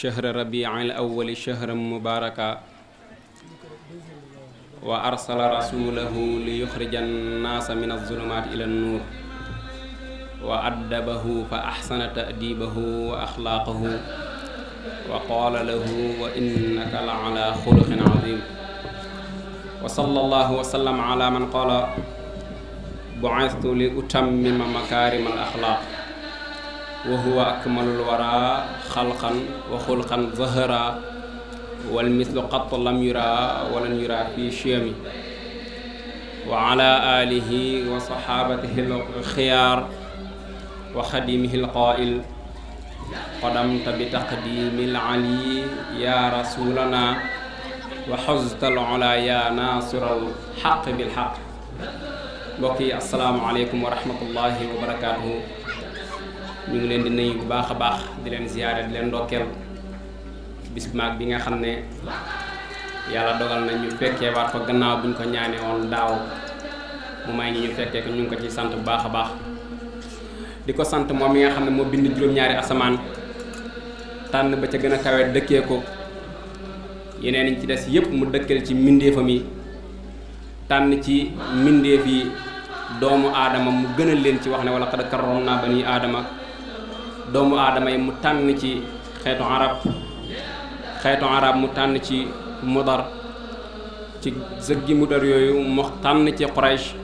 shahra rabiica al awwali shahran mubaaraka wa arsala rasuulahu li yuxrija annaasa min azulumaati ila annuur wa addabahu fa axsana taadiibahu wa axlaaqahu wa qaala lahu wa innaka la ala xuluqin aziim wa sallallahu wa sallam ala man qaala buistu li utammima makaarima al axlaaq wa huwa akmalul wara xalqan wa xulqan zahara wal mislu qatt lam yura walan yura fi chiyami wa ala alihi wa saxaabatihi alxiyaar wa xadimihi alqaail qadamta bi taqdimi alali ya rasulana wa xuzta alula ya nasira alxaq bilxaq mbokk yi asalaamualeykum wa rahmatullahi wa barakatuhu ñu ngi leen di nuyu bu baax a baax di leen ziyaare di leen ndokkeel bis bu mag bi nga xam ne yàlla dogal na ñu fekkee waat ko gannaaw bu ñu ko ñaanee woon daaw mu may ngi ñu fekkee ko ñu ngi ko ci sant bu baax a baax di ko sant moom mi nga xam ne moo bind juróom-ñaari asamaan tànn ba ca gën a kawe dëkkee ko yeneen yi ci des yépp mu dëkkal ci mbindeefam yi tànn ci mbindeef yi doomu aadama mu gënal leen ci wax ne wala xad karram naa bani aadama doomu aadama yi mu tànn ci xeetu arab xeetu arab mu tànn ci mudar ci zëggi mudar yooyu mu tànn ci quraysh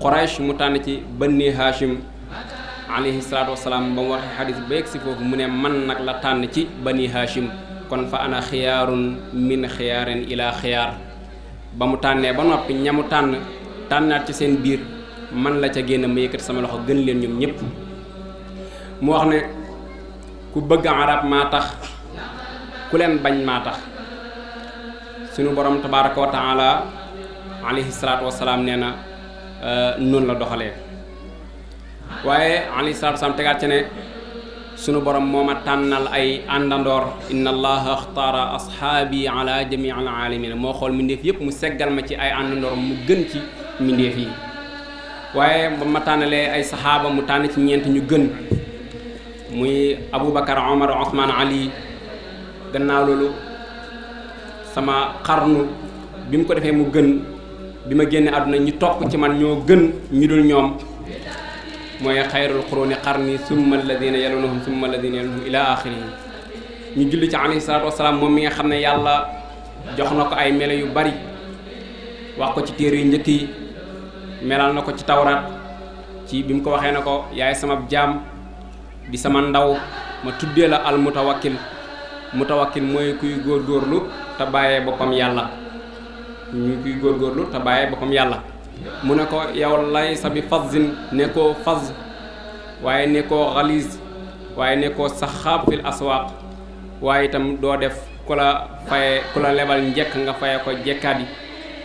quraysh mu tànn ci banni hashim alayhi salaatu wasalaam ba mu waxee xadis ba yegg foofu mu ne man nag la tànn ci bani hashim kon fa ana xiyaarun min xiyaarin ila xiyaar ba mu tànnee ba noppi ñamu tànn tànnaat ci seen biir man la ca génn ma yëkkati sama loxo gën leen ñoom ñëpp mu wax ne ku bëgg arab maa tax ku leen bañ maa tax sunu borom tabaraka wa taala alayhi salaatu wasalaam nee na euh, noonu la doxalee waaye alayhi salaatu wasalaam tegaat ci ne sunu borom moo ma tànnal ay àndandoor inna allaha axtaara ashaabi ala jamii al alamina moo xool mbindeef yépp mu seggal ma ci ay àndandoor mu gën ci mbindeef yi waaye ba ma tànnalee ay saxaaba mu tànn ci ñeent ñu gën muy Aboubacar Omar Ousmane Ali gannaaw loolu sama xarnu bi mu ko defee mu gën bi ma génne àdduna ñi topp ci man ñoo gën ñu dul ñoom mooy xayrul quruni qarni summa alladina yalunahum summa alladina yalunahum ila axirihi ñu julli ci alayhi salaatu wasalaam moom mi nga xam ne yàlla jox na ko ay melo yu bari wax ko ci téere yu njëkk yi melal na ko ci tawraat ci bi mu ko waxee na ko yaay sama jaam di sama ndaw ma tuddee la al mutawakkil mutawakkil mooy kuy góorgóorlu te bàyyee boppam yàlla ñu kuy te bàyyee boppam yàlla mu ne ko yow lay sa bi fas ne koo faz waaye ne koo xaliis waaye nekkoo koo saxaab fil aswaaq waaye itam doo def ku la faye ku la lebal njëkk nga faye ko jekkaat yi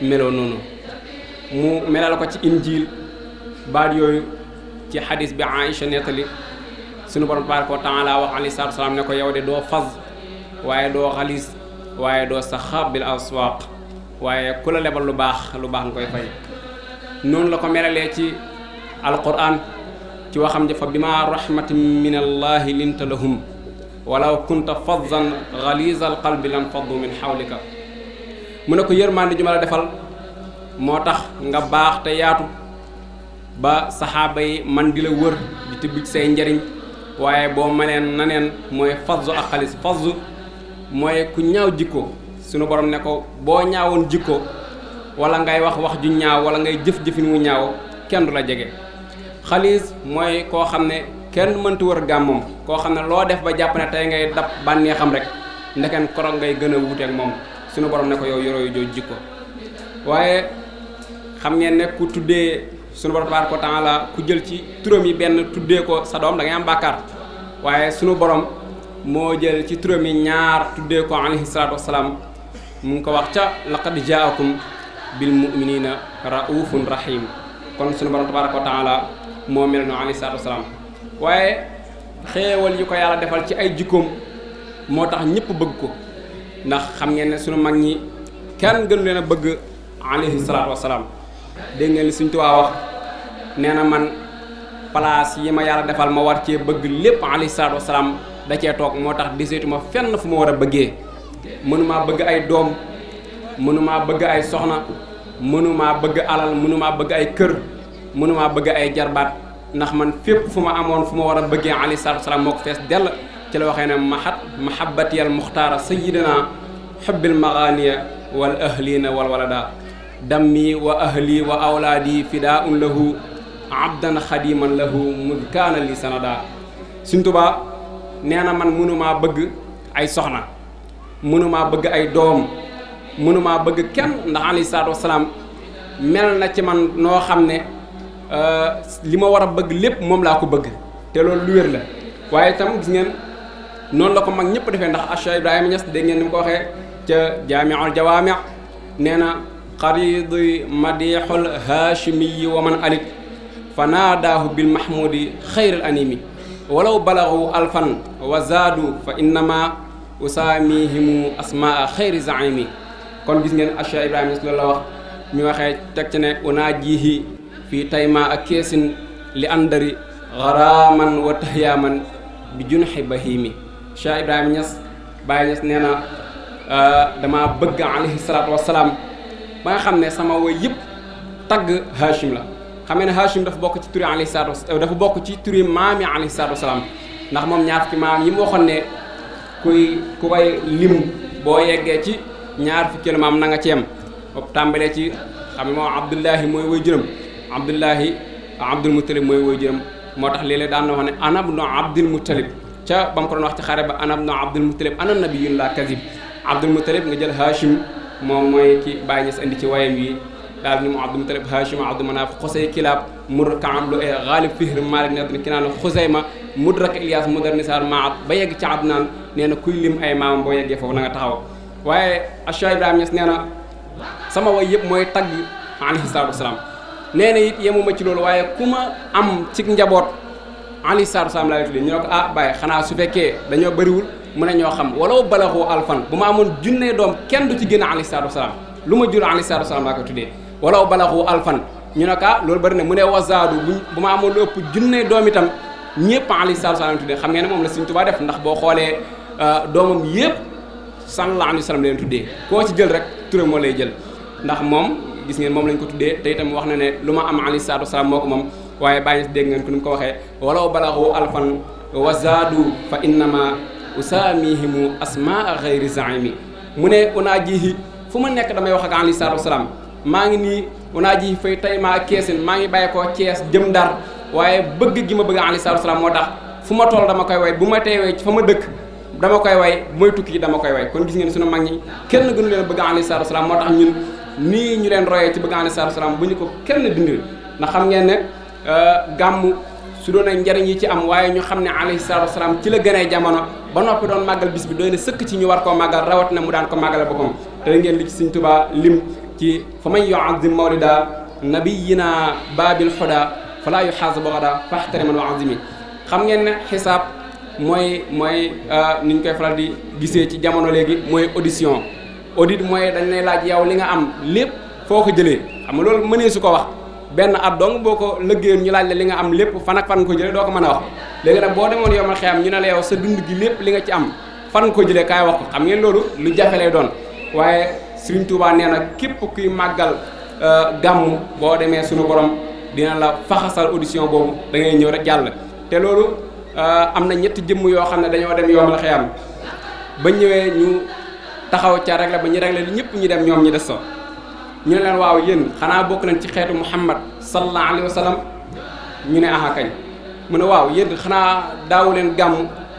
meloo noonu mu melal ko ci injiil baat yooyu ci xadis bi Aïcha nettali sunu borom tabaraka wa taala wax alayhi salaam ne ko yow de doo fas waaye doo xalis waaye doo saxaab bil aswaq waaye ku la lebal lu baax lu baax nga koy fay noonu la ko melalee ci alquran ci waxam jafa bi ma rahmatin min allahi linta lahum walaw kunta fazan xaliza alqalbi lan faddu min xawlika mu ne ko yërmande ju ma la defal moo tax nga baax te yaatu ba saxaaba yi man di la wër di tibb say njariñ waaye boo maneen naneen mooy fazzu ak xalis fazzu mooy ku ñaaw jikko sunu borom ne ko boo ñaawoon jikko wala ngay wax wax ju ñaaw wala ngay jëf-jëfin wu ñaaw kenn du la jege xalis mooy koo xam ne kenn mëntu wër gàmmam koo xam ne loo def ba jàpp ne tey ngay dab bànnee xam rek ndeken korog ngay gën a wuuteeg moom sunu borom ne ko yow yoroo yu jikko waaye xam ngeen ne ku tuddee suñu borom tabaaraka wa taala ku jël ci turam yi benn tuddee ko sa doom da am bàkkaar waaye sunu borom moo jël ci turam yi ñaar tuddee ko alayhi salaatu wasalaam mu ngi ko wax ca laqad jaakum bil muminina raufun rahim kon sunu borom tabaaraka wa moo mel noonu alayhi salaatu wasalaam waaye xéewal yi ko yàlla defal ci ay jikkoom moo tax ñëpp bëgg ko ndax xam ngeen ne sunu mag ñi kenn gënu leen a bëgg alayhi salaatu wasalaam dégg ngeen li suñ tuwaa wax nee na man place yi ma yàlla defal ma war cee bëgg lépp alayhi salaatu wasalaam da cee toog moo tax deseetuma fenn fu ma war a bëggee mënumaa bëgg ay doom mënumaa bëgg ay soxna mënumaa bëgg alal mënumaa bëgg ay kër mënumaa bëgg ay jarbaat ndax man fépp fu ma amoon fu ma war a bëggee alayhi salaatu wasalaam moo ko fees dell ci la waxee ne mahat mahabbatiyal muxtaara sayyidina xubbil maxaaniya wal ahliina wal walada dammi wa ahli wa awlaadi fidaun lahu abdan xadiman lahu mud kaana li sanada Sëñ Tuubaa nee na man mënumaa bëgg ay soxna mënumaa bëgg ay doom mënumaa bëgg kenn ndax alayhi salaatu wasalaam mel na ci man noo xam ne euh, li ma war a bëgg lépp moom laa ko bëgg te loolu lu wér la waaye tam gis ngeen noonu la ko mag ñëpp defee ndax Cheikh Ibrahima Niass dégg ngeen ni mu ko waxee ca jaamiul jawaami nee xaridi madixul haachimiyi wa man alit fa naadaahu bilmahmudi xayral animi walaw balaxu alfan wa zaadu fa innama usaamihimu asmaa xayri zaimi kon gis ngeen acha ibrahima is loolu la wax mi waxee teg ci ne unaa jiihi fii tayma ak keesin li andari xaraaman wa tahyaaman bi junxi bahimi Cheikh Ibrahima Niass Baye Niass nee na ah, dama bëgg alayhi salaatu wasalaam ba xam ne sama woy yëpp tagg Hachim la xam ne Hachim dafa bokk ci turi alayhi salaatu dafa bokk ci turi maami alayhi salaatu wasalaam ndax moom ñaar fukki maam yi mu waxoon ne kuy ku koy lim boo yeggee ci ñaar fukkeelu maam na nga ci yem tàmbalee ci xam ne moom Abdullahi mooy woy jërëm Abdullahi Abdul Muttalib mooy woy jërëm moo tax léeg daan na wax ne ana ibnu Abdul Muttalib ca ba mu ko doon wax ci xare ba ana ibnu Abdul Muttalib ana nabiyun la kadib Abdul Muttalib nga jël Hachim moom mooy ki Baay Ñas indi ci wayam wi daal ni mu abdu mutalib hashim abdu manaaf xosey kilaab mur kaam lu ay e xaalib fihr maalik natn kinaan ba ci adnaan nee na kuy lim ay maamam boo yeggee foofu waaye Cheikh Ibrahima Ñas sama way yëpp mooy tagg alayhi salaatu wasalaam nee na it yemuma ci loolu waaye ku am ci njaboot alayhi salaatu wasalaam laa tuddee ñu ne ah Baay xanaa su fekkee dañoo bëriwul mu ne ñoo xam walaw balaxoo alfan bu ma amoon junnee doom kenn du ci génn alayhi salaatu wasalaam lu ma jur alayhi salaatu wasalaam laa ko tuddee walaw balaxoo alfan ñu ne ka ah, loolu bari na mu ne wazaadu bu ma amoon lu junnee doom itam ñëpp alayhi salaatu wasalaam tuddee xam ngeen ne moom la Sëriñ Tuubaa def ndax boo xoolee euh, doomam yëpp sallallahu alayhi wa tuddee koo ci jël rek turam moo lay jël ndax moom gis ngeen moom lañ ko tuddee te itam wax na ne lu ma am alayhi salaatu wasalaam moo waaye bàyyi dégg ngeen ku ni ko waxee walaw balaxoo alfan wazaadu fa innama a asmaa xayri zaimi mu ne unaajihi fu ma nekk damay wax ak alayhi salaatu salaam maa ngi nii unaajihi fay tay maa keesin maa ngi bàyyi ko Cees jëm Ndar waaye bëgg gi ma bëgg alayhi salaatu wasalaam moo tax fu ma tool dama koy way bu ma teewee fa ma dëkk dama koy way bu may tukki dama koy way kon gis ngeen suñu mag ñi kenn gënu leen bëgg alayhi salaatu wasalaam moo tax ñun nii ñu leen royee ci bëgg alayhi salaatu wasalaam bu ñu ko kenn dindil ndax xam ngeen ne euh, su doon ay njariñ yi ci am waaye ñu xam ne alayhi salaatu wasalaam ci la gënee jamono ba noppi doon màggal bis bi doy na sëkk ci ñu war koo màggal rawat na mu daan ko màggale boppam te da ngeen li ci Sëriñ Tuubaa lim ci fa man yuazim mawlida nabiyina babil huda falaa yuhaasabu ghadan fahtariman wa azimi xam ngeen ne xisaab mooy mooy euh, ni ñu koy faral di gisee ci jamono léegi mooy audition audit mooy dañ lay laaj yow li nga am lépp foo ko jëlee xam nga loolu mënee su ko wax benn at dong boo ko lëggéeyoon ñu laaj la li nga am lépp fan ak fan ko jëlee doo ko mën a wax léegi nag boo demoon yomal xiyam ñu ne la yow sa dund gi lépp li nga ci am fan ko jëlee kaay wax ko xam ngeen loolu lu jafe lay doon waaye Sëriñ Tuubaa nee na képp kuy màggal euh, gàmm boo demee suñu borom dina la faxasal audition boobu da ngay ñëw rek jàll te loolu euh, am na ñetti jëmm yoo xam ne dañoo dem yomal xiyam ba ñëwee ñu taxaw ca régler ba ñu régler li ñëpp ñu dem ñoom ñu des so ñu ne leen waaw yéen xanaa bokk nañ ci xeetu muhammad sallallahu alayhi wa sallam ñu ne aha kañ mu ne waaw yéen xanaa daawu leen gàmm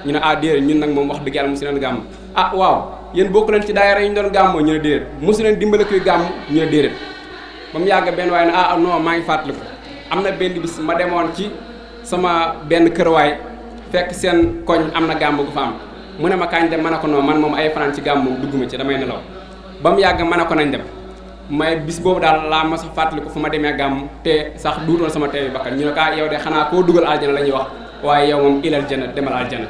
ñu ne ah déedéet ñun nag moom wax dëgg yàlla mosu leen gàmm ah waaw yéen bokk leen ci daayira yi ñu gàmmoo ñu ne déedéet mosu leen dimbale kuy gàmm ñu ne déedéet mu yàgg benn waaye ne ah non maa ngi fàttaliku am na benn bis ma demoon ci sama benn kërwaay fekk seen koñ am na gàmm gu am mu ne ma kañ dem ma ne ko non man moom ay fanaan ci gàmm moom dugguma ci damay nelaw ba mu yàgg ma ne ko nañ dem may bis boobu daal laa ma sax fàttali ko fu ma demee gàmm te sax duutoon sama teewi bakkan ñu ne kaa ah, yow de xanaa koo dugal aljana la ñuy wax waaye yow moom ilal jana demal aljana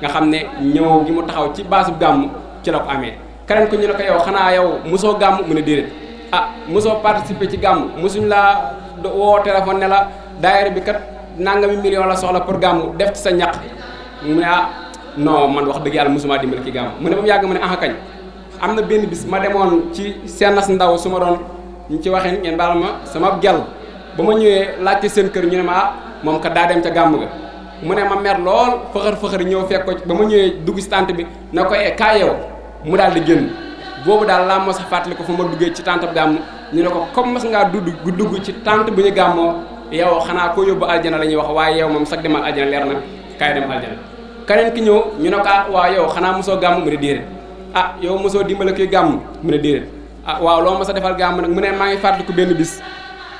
nga xam ne ñëw gi mu taxaw ci baasub gàmm ci la ko amee keneen ko ñu ne ko yow xanaa yow mosoo gàmm mu ne déedéet ah mosoo participer ci gàmm mosuñ laa woo téléphone ne la daayira bi kat nangami million la soxla pour gàmm def sa ñaq mu ne ah non man wax dëgg yàlla mosuma dimbali ki gàmm mu ne ba mu yàgg mu ne ah kañ am na benn bis ma demoon ci seenas ndaw su ma doon ñu ci waxee ngeen baal ma sama gel ba ma ñëwee laajte seen kër ñu ne ma ah moom kat daa dem ca gàmm ga mu ne ma meer lool fëxër fëxër ñëw fekk ko ba ma ñëwee dugg si tànt bi na ko ee eh kaa yow mu daal di génn boobu daal laa mos a fàttali ko fa ma duggee ci tànt bi gàmm ñu ne ko comme mas ngaa dugg gu dugg ci tànt bu ñu gàmmoo yow xanaa koo yóbbu aljana la ñuy wax waaye yow moom sax demal aljana leer na kaay dem aljana keneen ki ñëw ñu ne ko ah waa yow xanaa mosoo gàmm mu ah yow mosoo dimbale kuy gàmm mu ne déedéet ah waaw loo mos a defal gàmm nag mu ne maa ngi ko benn bis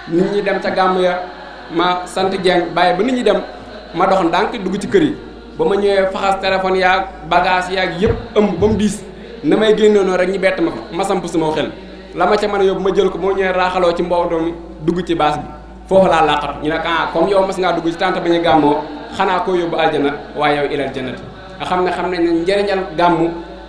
nit ñi dem ca gàmm ya ma sant Dieng bàyyi ba nit ñi dem ma dox ndànk dugg ci kër yi ba ma ñëwee faxas téléphone yaag bagage yaag yëpp ëmb ba mu diis na may génnoonoo rek ñu bett ma fa ma samp sama xel la ma ca man a yóbbu ma jël ko moo ñëwee raaxaloo ci mbooloo mi dugg ci baas bi foofu laa laqatu ñu ne ah comme yow mas ngaa dugg ci tànt ba ñu gàmmoo xanaa koo yóbbu aljana waaye yow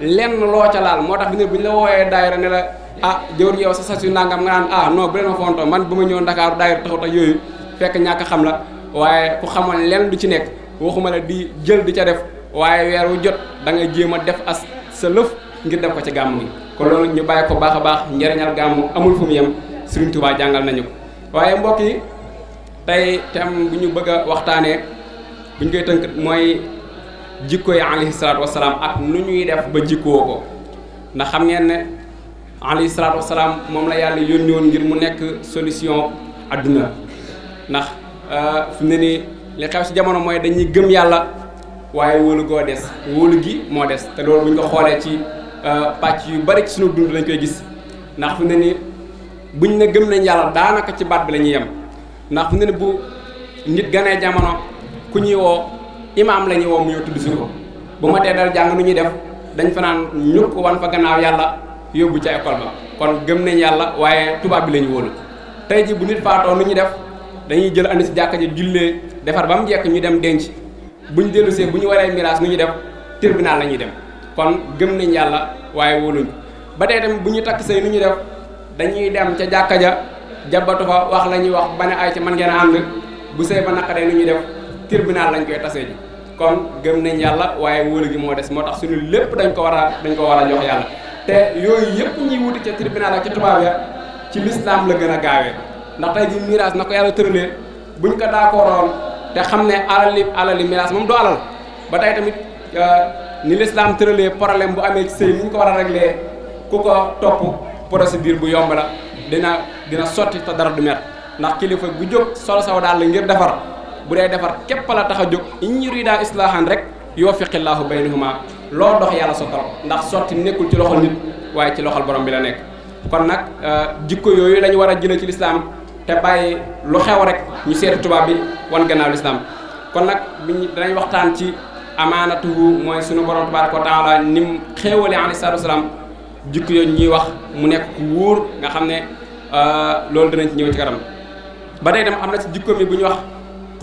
lenn loo ca laal moo tax bi ne bu ñu la wooyee daayira ne la ah jëwriñ yow sa sas yu nangam nga naan ah non bu leen ma fonto man ba ma ñëw Ndakaaru daayira taxut ak yooyu fekk ñàkk xam la waaye ku xamoon lenn du ci nekk waxuma la di jël di ca def waaye weer wu jot dangay nga jéem a def as sa lëf ngir def ko ci gàmm gi kon loolu ñu bàyyi ko baax a baax njëriñal gàmm amul fu mu yem Sëriñ Tuubaa jàngal nañu ko waaye mbokk yi tey tam bu ñu bëgg a waxtaanee bu mooy jikko yi alayhi salaatu wasalaam ak nu ñuy def ba jikkoo ko ndax xam ngeen ne alayhi salaatu wasalaam moom la yàlla yónni woon ngir mu nekk solution adduna ndax euh, fi mu li xew si jamono mooy dañuy gëm yàlla waaye wóolu goo des wóolu gi moo des te loolu bu ñu ko xoolee ci euh, pàcc yu bari ci sunu dund lañ koy gis ndax fi mu ne nii buñ ne gëm nañ yàlla daanaka ci baat bi la yem ndax fi bu nit ganee jamono ku ñuy woo. imaam la ñu woo mu ñëw tudd suñu ko bu ma tee dal jàng nu ñuy def dañ fanaan naan ñukk wan fa gannaaw yàlla yóbbu ca école ba kon gëm nañ yàlla waaye tubaab bi la ñu wóolu tey ji bu nit faatoo nu ñuy def dañuy jël andi si jàkka ji jullee defar ba mu jekk ñu dem denc bu ñu dellusee bu ñu waree miraas nu ñuy def tribunal la ñuy dem kon gëm nañ yàlla waaye wóoluñ ba tey tamit bu ñu takk sëy nu ñuy def dañuy dem ca jàkka ja jabatu fa wax la ñuy wax ba ne ay ci mën ngeen bu sëy ba naqaree nu ñuy def tribunal lañ koy tasee ji kon gëm nañ yàlla waaye wóolu gi moo des moo tax suñu lépp dañ ko war a dañ ko war a jox yàlla te yooyu yëpp ñuy wuti ca tribunal ak ci tubaab ya ci lislaam la gën a gaawee ndax tey ji miraas na ko yàlla bu buñ ko d'accordoon te xam ne alal li miraas moom du alal ba tey tamit euh, ni lislaam tëralee problème bu amee ci sëy ni ñu ko war a réglé ku ko topp biir bu yomb la dina dina sotti te dara du met ndax kilifa bu jóg solo saw daal la ngir defar bu dee defar képp la tax a jóg in yurida islaahan rek yoo bay yuwaffiqillaahu baynahuma loo dox yàlla sottal ndax sotti nekkul ci loxol nit waaye ci loxol borom bi la nekk kon nag euh, jikko yooyu lañu war a jëlee ci lislaam te bàyyi lu xew rek ñu seeti tubaab bi wan gannaaw lislaam kon nag biñ danañ waxtaan ci amaanatuhu mooy sunu borom tabaaraka ko taala ni mu xéewalee alayhi salaatu wasalaam jikko yooyu ñuy wax mu nekk ku wóor nga xam ne euh, loolu danañ ci ñëw ci kanam ba day dem am bu ñu wax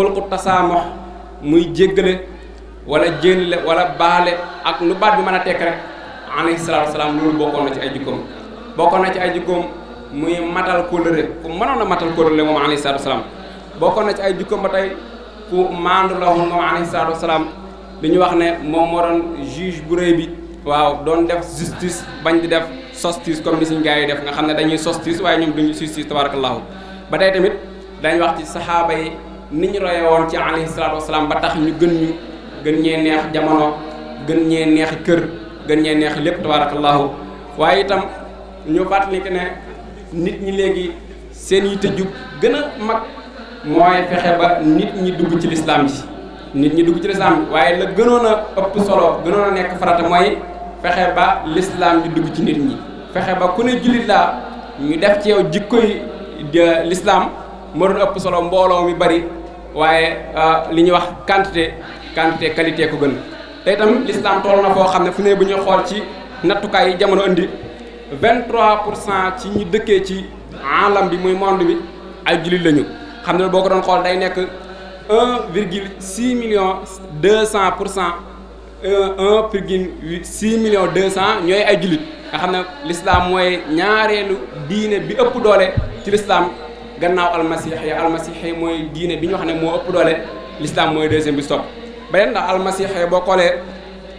xulqu tasaamox muy jéggale wala jéllale wala baale ak lu baat bi mën a tekk rek alayhi salaatu wasalaam loolu bokkoon na ci ay jikkoom bokkoon na ci ay jikkoom muy matal kóllëre ku mënoon a matal kóllëre moom alayhi salaatu wasalaam bokkoon na ci ay jikkoom ba tey ku maandu la woon moom alayhi salaatu wasalaam bi ñu wax ne moom moo doon juge bu rëy bi waaw doon def justice bañ di def justice comme ni suñu gars yi def nga xam ne dañuy justice waaye ñoom duñu justice tabarakallahu ba tey tamit wax ci saxaaba yi ni ñu roye woon ci alayhi salaatu wasalaam ba tax ñu gën ñu gën ñee neex jamono gën ñee neexi kër gën ñee neex lépp tabaarakallaahu waaye itam ñu fàttali ne nit ñi léegi seen yitte jub gën a mag mooy fexe ba nit ñi dugg ci lislaam ji nit ñi dugg ci lislaam bi waaye la gënoon a ëpp solo gënoon nekk farata mooy fexe ba lislaam ji dugg ci nit ñi fexe ba ku ne jullit laa ñu def ci yow jikkoy lislaam moo doon ëpp solo mbooloo mi bari waaye euh, li ñuy wax quantité quantité qualité ko gën te itam l'islam toll na foo xam ne fu ne bu ñuy xool ci nattukaay yi jamono indi 23 pour cent ci ñu dëkkee ci alam bi muy monde bi ay jullit lañu xam ne boo ko doon xool day nekk 1 virgule 6 million 200 pour cent 1 virgule 6 million 200 ñooy ay jullit nga xam ne l'islam mooy ñaareelu diine bi ëpp doole ci l'islam gannaaw almasiix ya almasiix yi mooy diine bi ñu wax ne moo ëpp doole l'islam mooy deuxième bi stop beneen ndax almasiix ya boo xoolee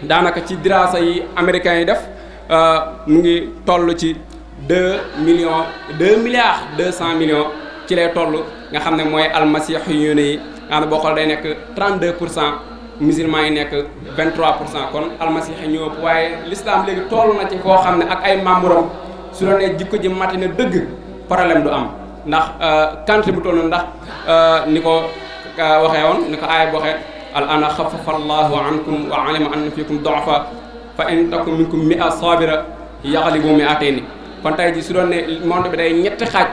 daanaka ci diraasa yi américains yi def euh, mu ngi toll ci deux millions deux milliards deux cent millions ci lay toll nga xam ne mooy almasiix yu yi nga xam ne boo xoolee day nekk deux pour cent musulmans yi nekk 23 pour cent kon almasiix yi ñëw ëpp waaye l'islam léegi toll na ci koo xam ne ak ay membres su la nee jikko ji mati na dëgg problème du am. ndax quantité euh, bu toll noonu ndax euh, ni ko euh, waxee woon ni ko aaya bi waxee al ana xafafa allahu ankum wa alima anna fiikum doofa fa in takum minkum mi a sabira yaxalibu mi atayni kon tey ji su doon ne monde bi day ñetti xaaj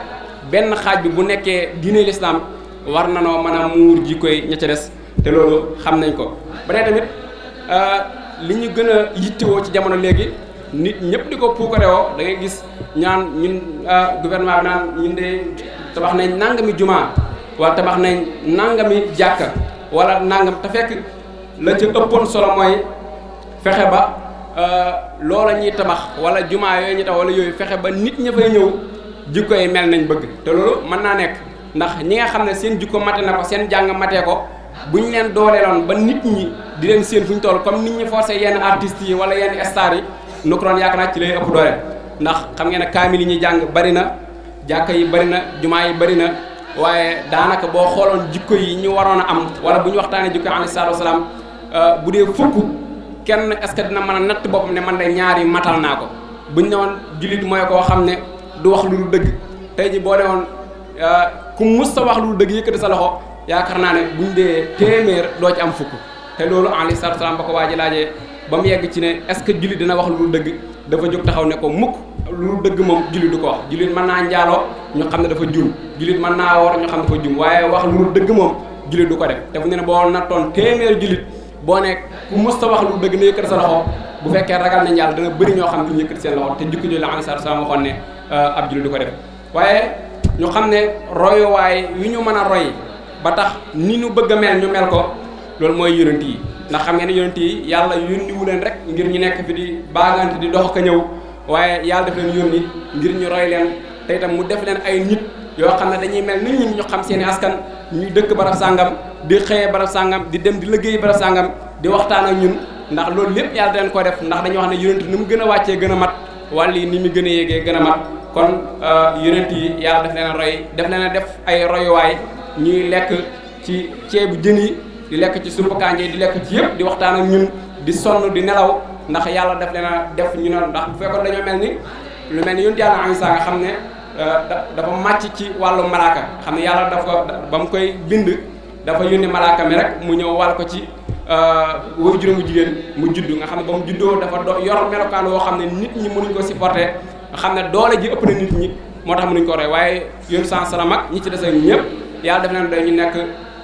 benn xaaj bi bu nekkee diine lislaam war na noo mën a muur ji koy ña des te loolu xam nañ ko ba tey tamit li ñu gën a yittewoo ci jamono léegi nit ñëpp di ko puukarewoo da ngay gis ñaan ñun ah, gouvernement bi naan ñun de tabax nañ nangami jumaa wala tabax nañ nangami jàkka wala nangam te fekk la ca ëppoon solo mooy fexe ba ah, loola ñuy tabax wala jumaa yooyu ñu tax wala yooyu fexe ba nit ña fay ñëw jikko yi mel nañ bëgg te loolu mën naa nekk ndax ñi nga xam ne seen jikko mate na ko seen jàng matee ko bu ñu leen dooleeloon ba nit ñi di leen seen fu ñu toll comme nit ñi forcé yenn artistes yi wala yenn stars yi Nukraan yaakaar naa ci lay ëpp doole ndax xam ngeen ne kaamil yi ñuy jàng bari na jàkka yi bari na jumaa yi bari na waaye daanaka boo xooloon jikko yi ñu waroon a am wala bu ñu waxtaanee jikko alayhi salaatu wasalaam euh, bu dee fukk kenn est-ce que dina a natt boppam ne man de ñaar yi matal naa ko bu ñu ne woon jullit mooy koo xam ne du wax lu dëgg tey ji boo ne woon euh, ku mus sa wax lu dëgg yëkkati sa loxo yaakaar naa ne buñ dee téeméer doo ci am fukk te loolu alayhi salaatu wasalaam ba ko waa ji laajee ba mu yegg ci ne est-ce que jullit dina wax lu dëgg dafa jóg taxaw ne ko mukk lu dëgg moom jullit du ko wax jullit mën naa njaaloo ñu xam ne dafa juum jullit mën naa woor ñu xam ne dafa juum waaye wax lu dëgg moom jullit du ko def te fu ne ne boo nattoon téeméer jullit boo nekk ku mës ta wax lu dëgg na yëkkati sa loxo bu fekkee ragal nañ yàlla dana bëri ñoo xam ne ñu yëkkati seen loxo te jukki jooju la am sar sama waxoon ne euh, ab jullit du ko def waaye ñu xam ne royuwaay yu ñu mën a roy ba tax ni ñu bëgg a mel ñu mel ko loolu mooy yonent yi ndax xam ngeen na yonent yi yàlla wu leen rek ngir ñu nekk fi di baagante di dox ko ñëw waaye yàlla def leen yónni ngir ñu roy leen te itam mu def leen ay nit yoo xam ne dañuy mel ni ñu xam seen i askan ñuy dëkk barab sàngam di xëyee barab sàngam di dem di liggéey barab sàngam di waxtaan ak ñun ndax loolu lépp yàlla da leen def ndax dañuy ne yonent ni mu gën a wàccee gën a mat wala yi ni mu gën a yéegee gën a mat kon euh, yonent yi yàlla daf leen roy daf leen def ay royuwaay ñuy lekk ci ceebu jën yi di lekk ci sump kànja di lekk ci yëpp di waxtaan ak ñun di sonn di nelaw ndax yàlla def leen a def ñu noonu ndax bu fekkoon dañoo mel lu mel ni yonent yàlla Isa nga xam ne euh, dafa màcc ci wàllu malaaka xam ne yàlla daf ba mu koy bind dafa yónni malaaka mi rek mu ñëw wàll ko ci euh, wóor juróomu jigéen mu judd nga xam ne ba mu juddoo dafa do yor melokaan woo xam ne nit ñi mënuñ ko supporter nga xam ne doole ji ëpp na moo tax mënuñ ko waaye yónni sans salaam ak ñi ci des ñëpp yàlla def leen dañu nekk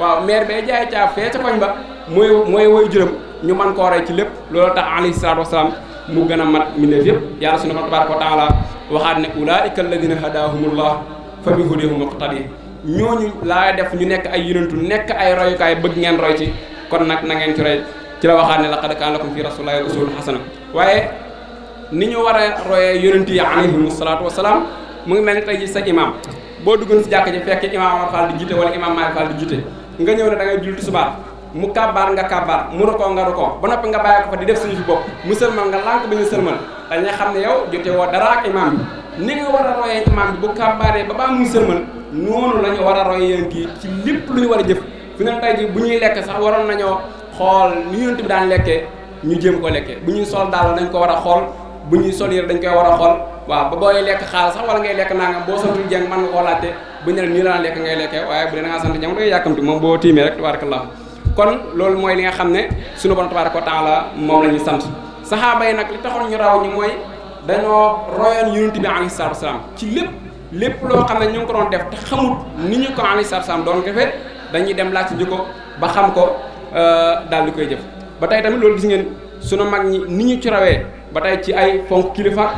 waaw maire bay jaay caaf fee ca koñ ba mooy mooy woy juróom ñu man koo rey ci lépp loolu tax alayhi salaatu wasalaam mu gën a mat mbindeef yëpp yàlla suñu tabaaraka a la waxaat ne ulaa'ika alladina hadahumullah fa ko hudahum muqtadi ñooñu laa def ñu nekk ay yonentu nekk ay royukaay bëgg ngeen roy ci kon nag na ngeen ci roy ci la waxaat ne laqad la lakum fi rasulillahi uswatun hasana waaye ni ñu war a royee yonent yi alayhimu salaatu wasalaam mu ngi mel ni tey ji sa imam boo duggoon si jàkk ji fekk imam Omar Fall di jiite wala imam Malick Fall nga ñëw ne da ngay julli subaar mu kàbbaar nga kàbbaar mu rokoo nga rokoo ba noppi nga bàyyi ko fa di def suñu fi bopp mu sërmal nga lànk ba ñu sërmal dañuy xam ne yow jote woo dara imaam bi ni nga war a royee imaam bi bu kàbbaaree ba baa mu sërmal noonu la ñu war a royee yéen kii ci lépp lu war a jëf fi ne tey ji bu ñuy lekk sax waroon nañoo xool ni yonent bi daan lekkee ñu jéem ko lekkee bu ñuy sol daal dañ ko war a xool bu ñuy sol yére dañ koy war a xool waaw ba booy lekk sax wala ngay lekk nangam boo sotul mën nga koo laajte bu ñu ne nii laa lekk ngay lekkee waaye bu dee da ngaa sant ñam da ngay yàkkamti moom boo tiimee rek tabarakallah kon loolu mooy li nga xam ne sunu borom tabaraka wa taala moom la ñuy sant saxaaba yi nag li taxoon ñu raw ñu mooy dañoo royoon yonent nu alayhi salaatu sa ci lépp lépp loo xam ne ñu ngi ko doon def te xamut ni ñu ko alayhi salaatu wasalaam doon defee dañuy dem laaj ji ko ba xam ko euh, daal di koy jëf ba tey tamit loolu gis ngeen sunu mag ñi ni ñu ci rawee ba tey ci ay fonk kilifa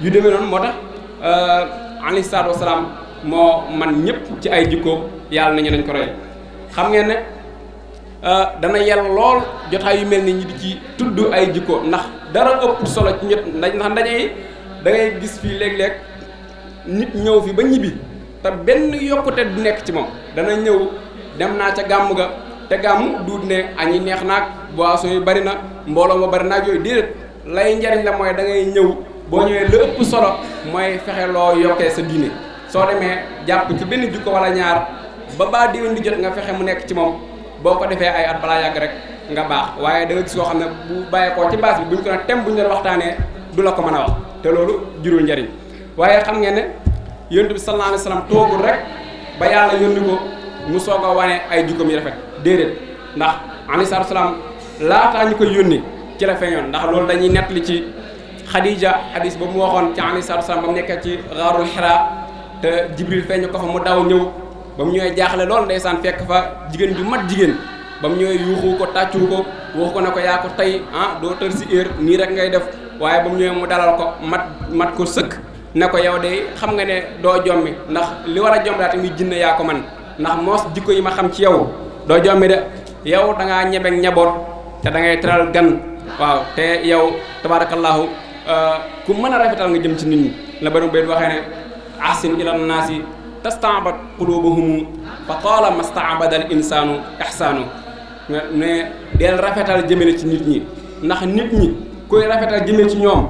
yu demee noonu moo tax euh, alayhi moo man ñëpp ci ay jikkoom yàlla nañu nañ ko roy xam ngeen ne euh, dana yell lool jotaay yu mel ni ñi di ci tudd ay jikko ndax dara ëpp solo ci ñett ndax ndaje yi da ngay gis fii léeg-léeg nit ñëw fi ba ñibbi te benn yokkute du nekk ci moom dana ñëw dem naa ca gàmm ga te gàmm duut ne añi neex naag boisson yu bari na mbooloo ma bari naag yooyu déedéet lay njariñ la mooy da ngay ñëw boo ñëwee lu ëpp solo mooy fexe loo yokkee sa diine soo demee jàpp ci benn jukko walla ñaar ba baa di di jot nga fexe mu nekk ci moom boo ko defee ay at balaa yàgg rek nga baax waaye da nga gis koo xam ne bu bàyyeekoo ci base bi buñ ko ne tem buñ doon waxtaanee du la ko mën a wax te loolu jurul njariñ waaye xam ngeen ne yonent bi sallallahu alayhi wasallam toogul rek ba yàlla yónni ko mu soog a wane ay jukkoom yi rafet déedéet ndax alayhi salaam laataa ñu koy yónni ci la feeñoon ndax loolu dañuy nettali ci Khadija hadis ba mu waxoon ci alayhi salaam ba mu nekkee ci xaarul Hira te jibril feeñu ko fa mu daw ñëw ba mu ñëwee jaaxle lool ndeysaan fekk fa jigéen ju mat jigéen ba mu ñëwee yuuxu ko tàccu ko wax ko ne ko yaa ko tey ah doo tër si heure nii rek ngay def waaye ba mu ñëwee mu dalal ko mat mat ko sëkk ne ko yow de xam nga ne doo jommi ndax li war a jom daa tamit jinne yaa ko man ndax moos jikko yi ma xam ci yow doo jommi de yow da ngaa ñebeeg ñeboot te da ngay teral gan waaw te yow tabaarakallaahu euh, ku mën a rafetal nga jëm ci nit ñi la bari bay ahsin ila nnaasi tastaabat qulubuhum fa taala mastaabada al insaanu ihsaanu ne deel rafetal jëmale ci nit ñi ndax nit ñi kuy rafetal jëmale ci ñoom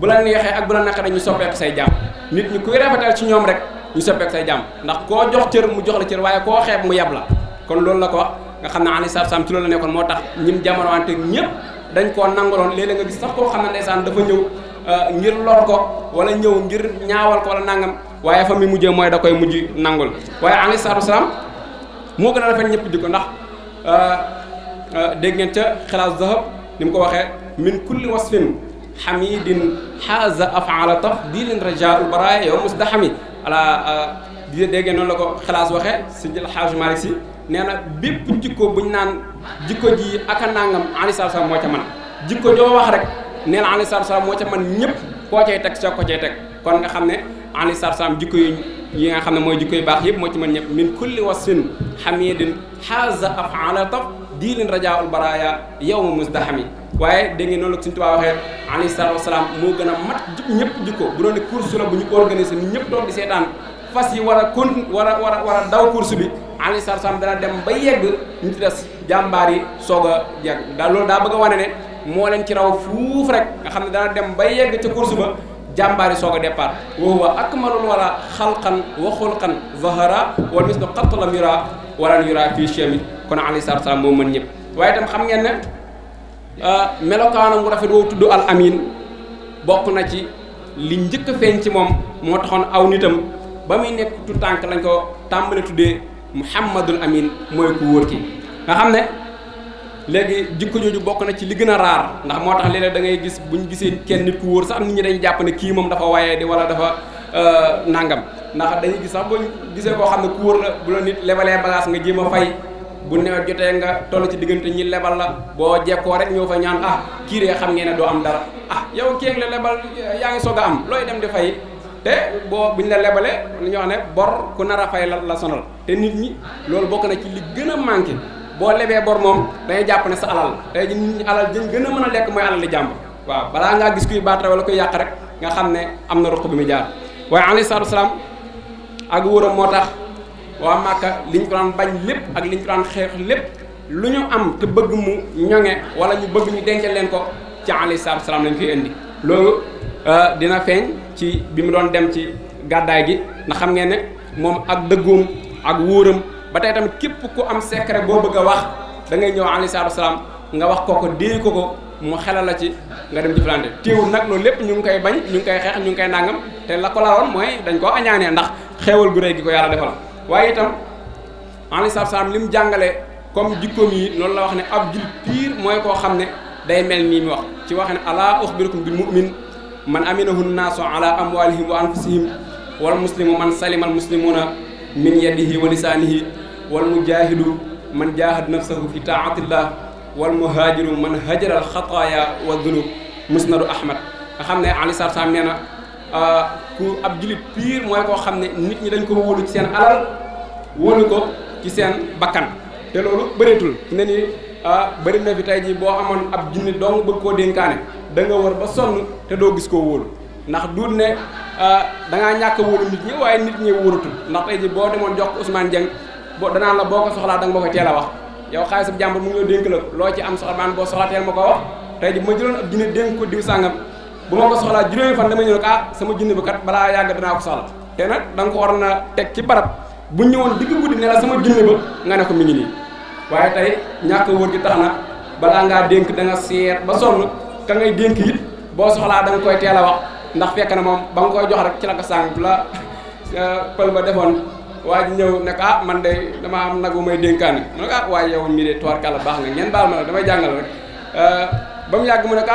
bu la neexee ak bu la naqaree ñu soppeeku say jàmm nit ñi kuy rafetal ci ñoom rek ñu soppeeku say jàmm ndax koo jox cër mu jox la cër waaye koo xeeb mu yab la kon loolu la ko wax nga xam ne alayhi salaam ci loolu la nekkoon moo tax ñim jamonowante ñëpp dañ koo nangaloon léeg-léeg nga gis sax koo xam ne ndeysaan dafa ñëw Euh, ngir lor ko wala ñëw ngir ñaawal ko wala nangam waaye fa mi mujjee mooy da koy mujj nangul waaye alayhi salaatu wasalaam moo gën a rafet ñëpp jikko ndax euh, euh, dégg ngeen ca xilaas zahab ni mu ko waxee min kulli wasfin xamidin xaaza afaala taf diilin rajaul baraaya yow musdahami ala di dégg noonu la ko xilaas waxee si jël xaaj Malick si nee na bépp jikko ñu naan jikko ji aka nangam alayhi salaatu moo ca man jikko joo wax rek neen na alayhi salaatu salaam moo ca man ñëpp koo cay teg soog ko cay teg kon nga xam ne alayhi salaatu salaam jikko yi nga xam ne mooy jikko yu baax yëpp moo ci man ñëpp min kulli wasfin hamidin xaaza afala taf diilin rajaaul yow ma musdahami waaye dégg ngeen noonu la suñu tubaab waxee alayhi salaatu wasalaam moo gën a mat ñëpp jikko bu doon ne course la bu ñu organisé ni ñëpp doon di seetaan fas yi war a kon war a war a war a daw course bi alayhi dana dem ba yegg ñu ci des jàmbaar yi soog a yegg daal loolu daa bëgg a wane ne moo leen ci raw fuuf rek nga xam ne dana dem ba yegg ca course ba jàmbaari soog a départ wa huwa akmalul wara xalqan wa xulqan zahara wal mislu qat lam yura walan yura fii chemi kon alayhi moo mën ñëpp waaye itam xam ngeen ne euh, melokaanam bu rafet woo tudd al amin bokk na ci li njëkk a feeñ ci moom moo taxoon aw nitam ba muy nekk tu tànk lañ ko tàmbale tuddee muhammadul amin mooy ku wóor ki nga xam ne léegi jikko jooju bokk na ci li gën a raar ndax moo tax léeg-léeg da ngay gis bu ñu gisee kenn nit ku wóor sax nit ñi dañ jàpp ne kii moom dafa waaye di wala dafa euh, nangam ndax dañuy gis sax boo gisee koo xam ne ku wóor la bu la nit lebalee bagage nga jéem a fay bu nawet jotee nga toll ci diggante ñi lebal la boo jekkoo rek ñëw fa ñaan ah kii de xam ngeen ne doo am dara ah yow kii la lebal yaa ngi soog am looy dem di fay te boo ñu la lebalee li ñuy wax ne bor ku nar a fay la la sonal nit ñi loolu bokk na ci gën a manqué boo lebee bor moom dañuy jàpp ne sa alal tey ji nit ñi alal jën gën a mën a lekk mooy alal di jàmbur waaw balaa ngaa gis kuy baatare wala kuy yàq rek nga xam ne am na ruq bi mu jaar waaye alayhi salaatu wasalaam ak wóoram moo tax waa Màkka li ñu bañ lépp ak liñ ñu xeex lépp lu ñu am te bëgg mu ñoŋe wala ñu bëgg ñu dencal leen ko ci alayhi salaatu wasalaam lañ koy indi loolu euh, dina feeñ ci bi mu doon dem ci gàddaay gi ndax xam ngeen ne moom ak dëggoom ak wóoram ba tey tamit képp ku am secret boo bëgg a wax da ngay ñëw alayhi salaatu salaam nga wax ko ko ko ko mu xelal la ci nga dem jëflante teewul nag loolu lépp ñu ngi koy bañ ñu ngi koy xeex ñu ngi koy nangam te la ko laaloon mooy dañ koo añaanee ndax xeewal gu rëy gi ko yàlla defal waaye itam alayhi salaatu salaam li mu jàngale comme jikkoom yi loolu la wax ne ab jul pire mooy koo xam ne day mel nii mu wax ci wax ne alaa uxbirukum bil mu'min man aminahu nnaasu ala amwalihim wa anfusihim wal muslimu man salima al muslimuna min yadihi wa lisaanihi wal mujaahidu man jaahad nafsahu fi taatillah wal muhaajiru man hajara al xataaya wa dunub musnadu ahmad nga xam ne aleyhi salaatu salaam na ah, ku ab julit pire mooy koo xam ne nit ñi dañ ko wóolu ci seen alal wóolu ko ci seen bakkan te loolu bëreetul ne ni ah, bëri na fi tey jii boo amoon ab junni dong bëgg koo dénkaane da nga ba sonn te doo gis koo wóolu ndax duut ne Euh, da ngaa ñàkk a wóolu nit ñi waaye nit ñi wóorutul ndax tey ji boo demoon jox ko Ousmane Dieng boo danaan la boo ko soxlaa danga nga ma koy teel a wax yow xaalisab jàmbur mu ngi dénk la loo ci am soxla man boo soxlaa ma ko wax tey ji bu ma jëloon ab junne dénk ma ko soxlaa juróomi fan dama ñëw nag ah, sama junne bi kat balaa yàgg danaa ko soxla te nag da ko war na teg ci barab bu ñëwoon digg guddi ne la sama junne nga ne ko mi ngi nii waaye tey ñàkk a gi tax na balaa ngaa dénk da nga seet ba sonn ka ngay dénk it boo soxlaa da nga teel a wax ndax fekk na moom ba nga koy jox rek ci la ko sànq la euh, pël ba defoon waa ji ñëw ne ko ah man de dama am nagu may dénkaane mu ne ko ah waaye yow mii de tuwaar kàlla baax nga ngeen baal ma la damay jàngal rek euh, ba mu yàgg mu ne ko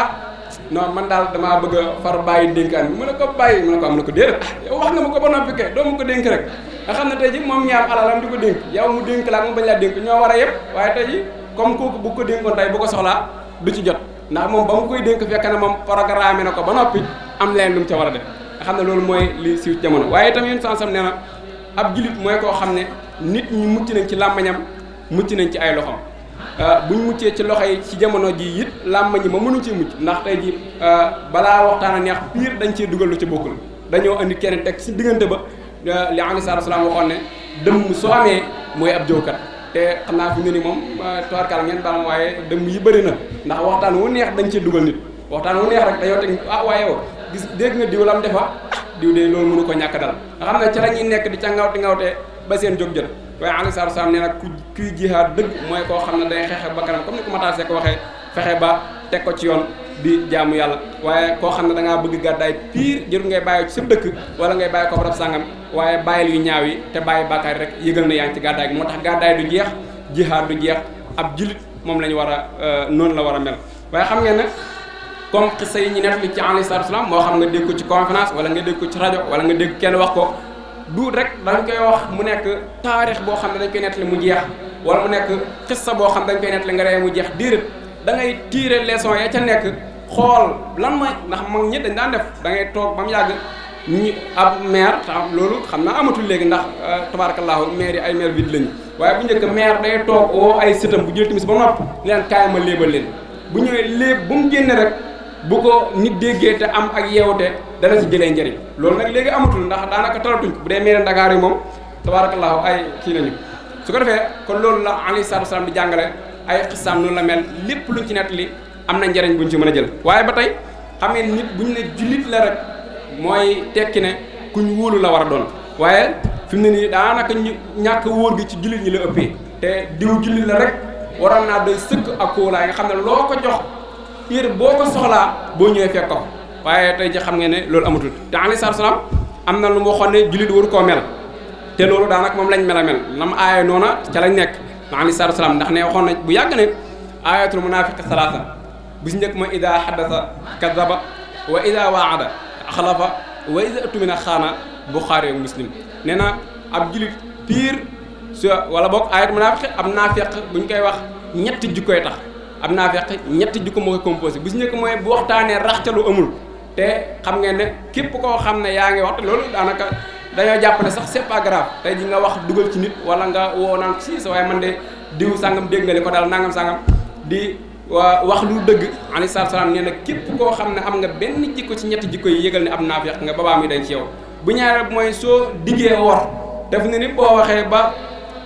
ah man daal damaa a far bàyyi dénkaan bi mu ne ko bàyyi mu ne ko am déedéet yow wax nga ma ko ba noppi kay doo ma ko dénk rek nga xam ne tey ji moom ñaam alalam di ko dénk yow mu dénk laa mu bañ laa dénk ñoo war a yëpp waaye tey ji comme kooku bu ko dénkoon tey bu ko soxlaa du ci jot ndax moom ba mu koy dénk fekk na moom programme na ko ba noppi am leen lu ca war a def nga xam ne loolu mooy li siiw jamono waaye itam yéen sansam nee na ab koo xam ne nit ñi mucc nañ ci làmmañam mucc nañ ci ay loxoom euh, buñ muccee ci loxo yi ci jamono ji it làmmañ yi ma mënu cee mucc ndax tey ji euh, balaa waxtaan a neex pire dañ cee dugal lu ci bokkul dañoo indi kenn teg si diggante ba euh, li alayhi salaam waxoon ne dëmm soo amee mooy ab jowkat te xam naa fi mu moom toirkal ngeen baal ma yi bëri na ndax waxtaan wu neex dañ cee dugal nit waxtaan wu neex rek dañoo teg ah waaye yow gis dégg nga diw lam defa diw de loolu mënu ko ñàkk dal nga xam ne ca la ñuy nekk di ca ngawti ngawtee ba seen jóg jot waaye aleyhi salaatu salaam nee nag ku kuy jihaad dëgg mooy koo xam ne day xeexe ba kanam comme ni ko Matar Seck waxee fexe ba teg ko ci yoon di jaamu yàlla waaye koo xam ne da ngaa bëgg gàddaay pire jëru ngay bàyyi ci sa dëkk wala ngay bàyyi ko barab sàngam waaye bàyyil yu ñaaw yi te bàyyi bàkkaar rek yëgal na yaa ngi ci gàddaay gi moo tax gàddaay du jeex jihaad du jeex ab jullit moom lañu ñu war a euh, noonu la war a mel waaye xam comme xisa yi ñu neex li ci alayhi salaatu salaam moo xam nga dégg ko ci conférence wala nga dégg ko ci rajo wala nga dégg kenn wax ko du rek dañ koy wax mu nekk taarix boo xam ne dañ koy nettali mu jeex wala mu nekk xissa boo xam dañ koy nettali nga ree mu jeex déedéet da ngay tiire leçon ya ca nekk xool lan mooy ndax mag ñi dañ daan def da ngay toog ba mu yàgg ñi ab maire te loolu xam naa amatul léegi ndax euh, tabaarakallaahu maire yi ay maire vide lañu waaye bu njëkk maire day toog woo ay sëtam bu jël timis ba nopp leen kaay ma léebal leen bu ñëwee léeb bu mu génne rek bu ko nit déggee te am ak yeewte dana si jëlee njëriñ loolu nag léegi amatul ndax daanaka talatuñ ko bu dee meere Ndakaar yi moom tabaarakallaahu ay kii lañu su ko defee kon loolu la alayhi salaatu wa salaam di jàngale ay xisaam noonu la mel lépp luñ ci net li am na njëriñ buñ ci mën a jël waaye ba tey xam ngeen nit buñ ne jullit la rek mooy tekki ne kuñ wóolu la war a doon waaye fi mu ne nii daanaka ñu ñàkk wóor gi ci jullit ñi la ëppee te diw jullit la rek waroon naa doy sëkk ak kóolaa nga xam ne loo ko jox heure boo ko soxlaa boo ñëwee fekk ko waaye tey ji xam ngeen ne loolu amatul te alayhi salaatu salaam am na lu mu waxoon ne jullit waru koo mel te loolu daanak moom lañ mel a mel na mu aaye noona ca lañ nekk alayhi salaatu salaam ndax ne waxoon na bu yàgg ne aayatul munaafiqi salaasa bu si njëkk ma ida haddasa kadaba wa ida waada axlafa wa ida atumina xaana buxaari ak muslim nee na ab jullit pire su wala boog aayatul munaafiqi am naa fekk buñ koy wax ñetti jikkoy tax am naa fekk ñetti jikko moo koy composé bu si njëkk mooy bu waxtaanee rax ca lu amul te xam nga ne képp koo xam ne yaa ngi wax te loolu daanaka dañoo jàpp ne sax c'est pas grave tey ji nga wax dugal ci nit wala nga woo naan si sa waaye man de diw sàngam dégg nga li ko daal nangam sàngam di waa wax lu dëgg alayhi salaatu salaam nee na képp koo xam ne am nga benn jikko ci ñetti jikko yi yëgal ne am naa fekk nga babaam yi dañ ci yow bu ñaareel mooy soo diggee wor def na ni boo waxee ba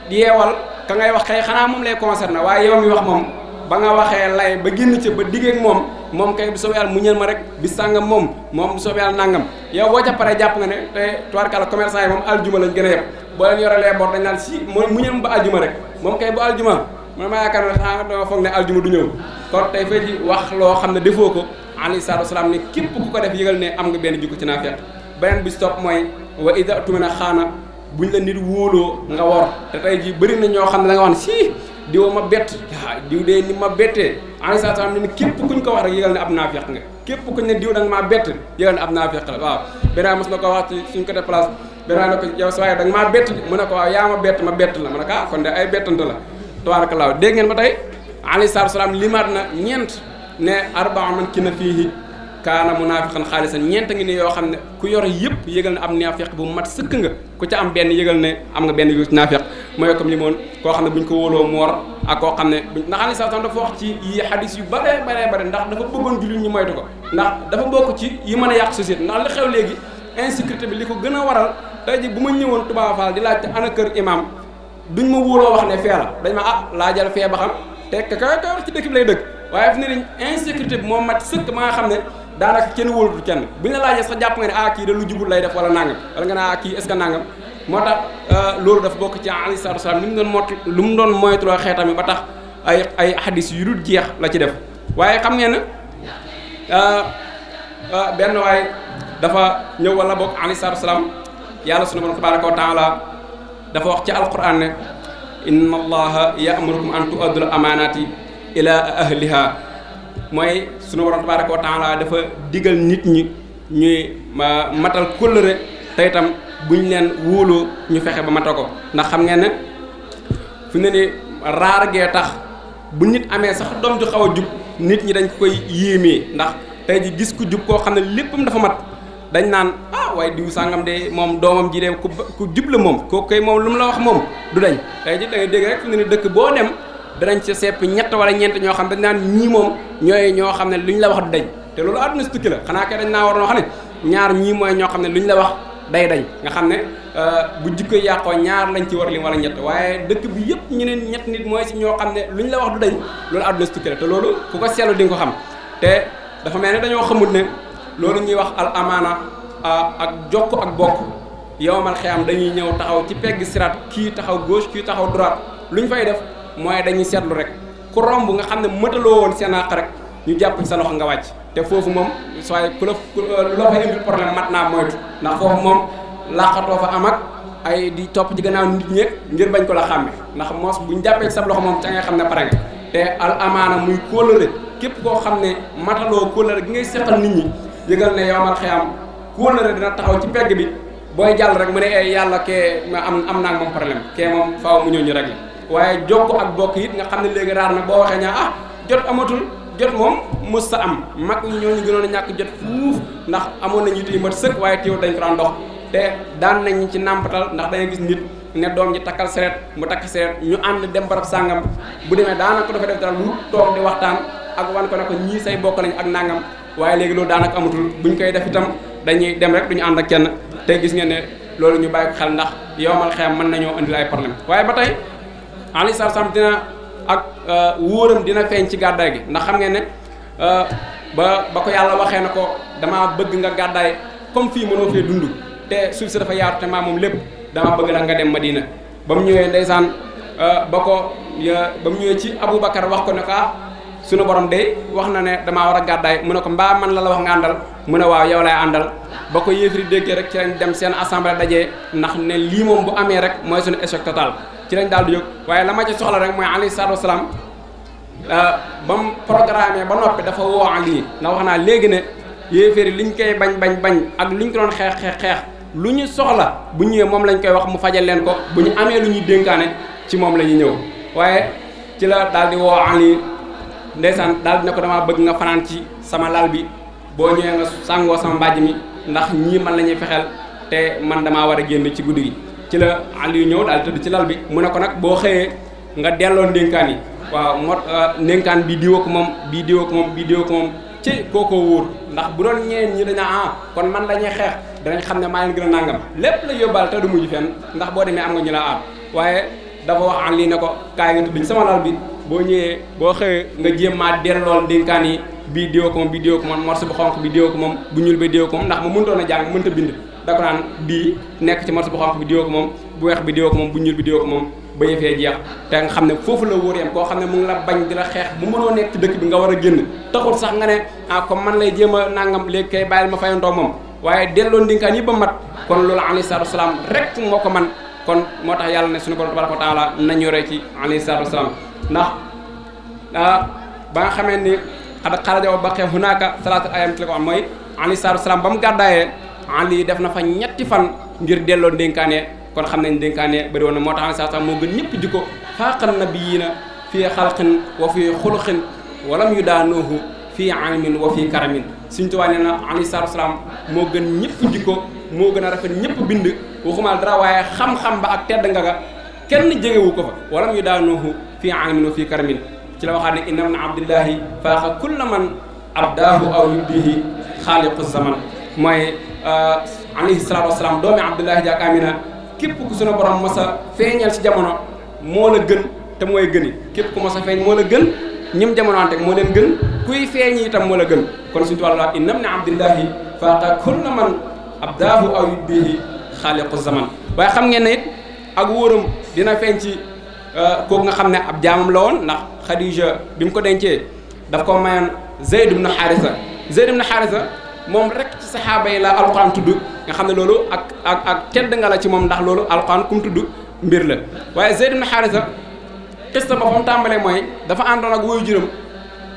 yeewal ka ngay wax kay xanaa moom lay concerné waaye yow wax moom ba nga waxee lay ba génn ca ba diggeeg moom moom kay bu soobee yàlla mu ma rek bi sàngam moom moom bu soobee yàlla nangam yow boo ca paree jàpp nga ne te tubaarkàlla commerçant yi moom aljuma lañ gën a yem boo leen yorelee bor dañ naan si mooy mu ñël ba aljuma rek moom foog ne aljuma du ñëw kon tey fay ji wax loo xam ne defoo ko alayhi salaatu wasalaam ne képp ku ko def yëgal ne am nga benn jikko ci naafeq beneen bi stop mooy wa ida tumina xaana buñ la nit wóoloo nga wor te tey ji bëri na ñoo xam ne da nga wax ne diwa ma bett ah, diw dee ni ma bettee alayhi salaam ne ni képp kuñ ko wax rek yëgal ne ab naafeq na képp kuñ ne diw da na ko wax ci suñ ko déplacé beneen na ko yow sa waaye da maa bett mu ne ko waaw yaa ma bett ma bett la ma ne ko ah kon de ay bettante la tabaarakallah dégg ngeen ba tey alayhi salaam limaat na ñeent ne arbaa man ki na fii kaana munaafiqan xaalisan ñeent ngi ne yoo xam ne ku yor yëpp yëgal ne am naafiq bu mat sëkk nga ku ca am benn yëgal ne am nga benn yu naafiq mooy koo xam ne buñ ko wóoloo mu war ak koo xam ne ndax alei sala dafa wax ndax dafa bëggoon jullit ñi moytu ko ndax dafa a yàq société ndax li xew léegi insécurité bi li ko gën a waral tey ji bu ma ñëwoon Touba Fall di laajte ana kër imam duñ ma wóoloo wax ne fee dañ ma ah laajal fee ba xam te ka ka ci dëkk bi lay dëkk waaye fi ne insécurité moo mat sëkk ma nga xam ne daanaka kenn wóolutu kenn bi nga laajee sax jàpp nga ne ah kii da lu jubul lay def wala nangam wala nga ne ah kii est ce moo tax euh, loolu dafa bokk ci alayhi salaatu wasalaam li mu doon mot doon moytuloo xeetam yi ba tax ay ay xadis yu dul jeex la ci def waaye xam ngeen ne euh, euh, benn waaye dafa ñëw wala bokk alayhi yàlla sunu borom tabaraka wa taala dafa wax ci alquran ne inna allaha ya'murukum an tu'addul amaanaati ila ahliha sunu borom tabaaraka wa taala dafa diggal nit ñi ñuy matal kóllëre te itam buñ leen wóoloo ñu fexe ba mata ko ndax xam ngeen ne fi ne ni raar gee tax bu nit amee sax doom ju xaw a jub nit ñi dañ koy yéemee ndax tey ji gis ku jub koo xam ne léppam dafa mat dañ naan ah waaye diw sàngam de moom doomam ji de ku jub la moom kooku koy moom lu mu la wax moom du dañ tey ji da dégg rek fi ne ni dëkk boo dem danañ ci sepp ñett wala ñeent ñoo xam dañ naan ñii moom ñooy ñoo xam ne luñ la wax du dañ te loolu àdduna si tukki la xanaa kay dañ naa war noo xam ne ñaar ñii mooy ñoo xam ne luñ la wax day nga xam ne euh, bu jikko yàqoo ñaar lañ ci war lim wala ñett waaye dëkk bi yëpp ñeneen ñett nit mooy si ñoo xam ne luñ la wax du dañ loolu àdduna si tukki la te loolu ku ko seetlu di ko xam te dafa mel ne dañoo xamut ne loolu ñuy wax al amaana euh, ak jokk ak bokk yowmal xiyam dañuy ñëw taxaw ci pegg sirat kii taxaw gauche kii taxaw droite ñu fay def mooy dañuy seetlu rek ku romb nga xam ne mëtaloo woon seen àq rek ñu jàpp ci sa loxo nga wàcc te foofu moom sooy ku la euh, loo fa indi problème naa moytu ndax foofu moom laqatoo fa am ak ay di topp ci gannaaw nit ñeeg ngir bañ ko la xàmme ndax moos bu ñu jàppee ci sa loxo moom ca ngay xam ne pare nga te al amaana muy kóolare képp koo xam ne mataloo kóolare gi ngay seqal nit ñi yëgal ne yowmal xiyaam kóolare dina taxaw ci pegg bi booy jàll rek mu ne ay eh, yàlla kee am am naa moom problème kee moom faaw mu ñëw ñu rek la waaye jokk ak bokk yit nga xam ne léegi raar na boo waxee ñaa ah jot amatul jot moom mës sa am mag ñi ñoo ñu gënoon ñàkk jot fuuf ndax amoon nañu tey mat sëkk waaye teew dañ ko daan dox te daan nañ ci nàmpatal ndax da gis nit ne doom ji takkal sereet mu takk sereet ñu ànd dem barab sàngam bu demee daanaka dafa def dara lu toog di waxtaan ak wan ko ne ko ñii say bokk nañ ak nàngam waaye léegi loolu daanaka amatul bu buñ koy def itam dañuy rek duñu ànd ak kenn te gis ngeen ne loolu ñu bàyyi xel ndax yow mal xeem mën nañoo indil ay problème waaye alayhi salaam dina ak euh, wóoram dina feeñ ci gàddaay gi ndax xam ngeen ne euh, ba ba ko yàlla waxee na ko damaa bëgg nga gàddaay comme fii mënoo fee dund te suuf si dafa yaatu te maa moom lépp damaa bëgg nag nga dem ma Madina ba mu ñëwee ndeysaan euh, ba ko ba mu ñëwee ci bakar wax ko ne ko ah sunu borom de wax na ne damaa war a gàddaay mu ne ko mbaa man la la wax nga àndal mu ne waaw yow lay àndal ba ko yéefri déggee rek ci lañ dem seen assemblée dajee ndax ne lii moom bu amee rek mooy suñu échec total. ci lañ daal di yëg waaye la ma soxla rek mooy alayhi salaatu wasalaam euh, ba mu ba noppi dafa woo Ali ndax wax naa léegi ne yéeféer yi liñ koy bañ bañ bañ ak lu liñ ko doon xeex xeex lu ñu soxla bu ñëwee moom lañ koy wax mu fajal leen ko bu ñu amee lu ñuy dénkaane ci moom la ñuy ñëw waaye ci la daal di woo Ali ndeysaan daal di ne ko damaa bëgg nga fanaan ci sama lal bi boo ñëwee nga sàngoo sama mbàjj mi ndax ñii man la ñuy fexeel te man damaa war a génn ci guddi gi. ci la Aliou ñëw daal tëdd ci lal bi mu ne ko nag boo xëyee nga delloo ndénkaan yi waaw mot euh, ndénkaan bii diwa ko moom bii diwa ko moom bii diwa ko moom ci kooko ndax bu doon ñeen ñi dañaa ah kon man la ñuy xeex danañ xam ne maa leen gën a nàngam lépp la yóbbaal te du mujj fenn ndax boo demee am nga ñu la waaye dafa wax an lii ko kaay nga tëdd ci sama lal bi boo ñëwee boo xëyee nga jéem maa delloo ndénkaan yi bii diwa ko moom bii diwa ko moom morceau bu xonq bi diwa ko moom bu ñuul ba diwa ko moom ndax ma mënutoon a jàng mënta bind da ko bii nekk ci morceau bu xonq bi diwoo ko moom bu weex bi diwoo ko moom bu ñuul bi diwoo ko moom ba fee jeex te nga xam ne foofu la wóor yam koo xam ne mu ngi la bañ di la xeex bu mënoo nekk ci dëkk bi nga war a génn taxul sax nga ne ah comme man lay jéem a nangam léegi kay bàyyil ma fayantoo moom waaye delloo ndinkaan yi ba mat kon loolu alayhi salaatu wasalaam rek moo ko man kon moo tax yàlla ne suñu borom tabaraka wa taala nañu yore ci alayhi salaatu wasalaam ndax ah, ba nga xamee ni xad xaraja wa baqee hunaaka salaatu ayam ti mooy alayhi salaatu wasalaam ba mu gàddaayee Ali def na fa ñetti fan ngir delloo ndénkaane kon xam nañ ndénkaane bëri woon na moo tax saa sax moo gën ñëpp jikko faa nabiyina fii xalqin wa fii xuluqin walam yu daanoohu fii almin wa fii karamin suñ tubaa nee na alayhi salaatu salaam moo gën ñëpp jikko moo gën a ñëpp bind waxumaal dara waaye xam-xam ak tedd kenn jegewu ko fa walam yu daanoohu fii almin wa fii karamin ci la waxaat ne inna min abdillahi faaqa kulla man abdaahu aw yubdihi xaaliqu zaman mooy euh, alayhi salaatu wasalaam doomi Abdullahi jaak Amina képp ku sunu borom mos a feeñal ci jamono moo la gën te mooy gëni képp ku mos a feeñ moo la gën ñim jamono ante moo leen gën kuy feeñ itam moo la gën kon suñu tuwàlla innam ne abdillahi faata kulla man abdaahu aw yubbihi xaaliqu zaman waaye xam ngeen ne it ak wóoram dina feeñ ci euh, kooku nga xam ne ab jaamam la woon ndax Xadija bi mu ko dencee daf ko mayoon Zayd ibn Xaarisa Zayd ibn moom rek ci saxaaba yi la alxuraan tudd nga xam ne loolu ak ak ak tedd nga la ci moom ndax loolu alxuraan kum tudd mbir la waaye Zayd na Haarisa xista ba fa mu tàmbalee mooy dafa àndoon ak woyu juróom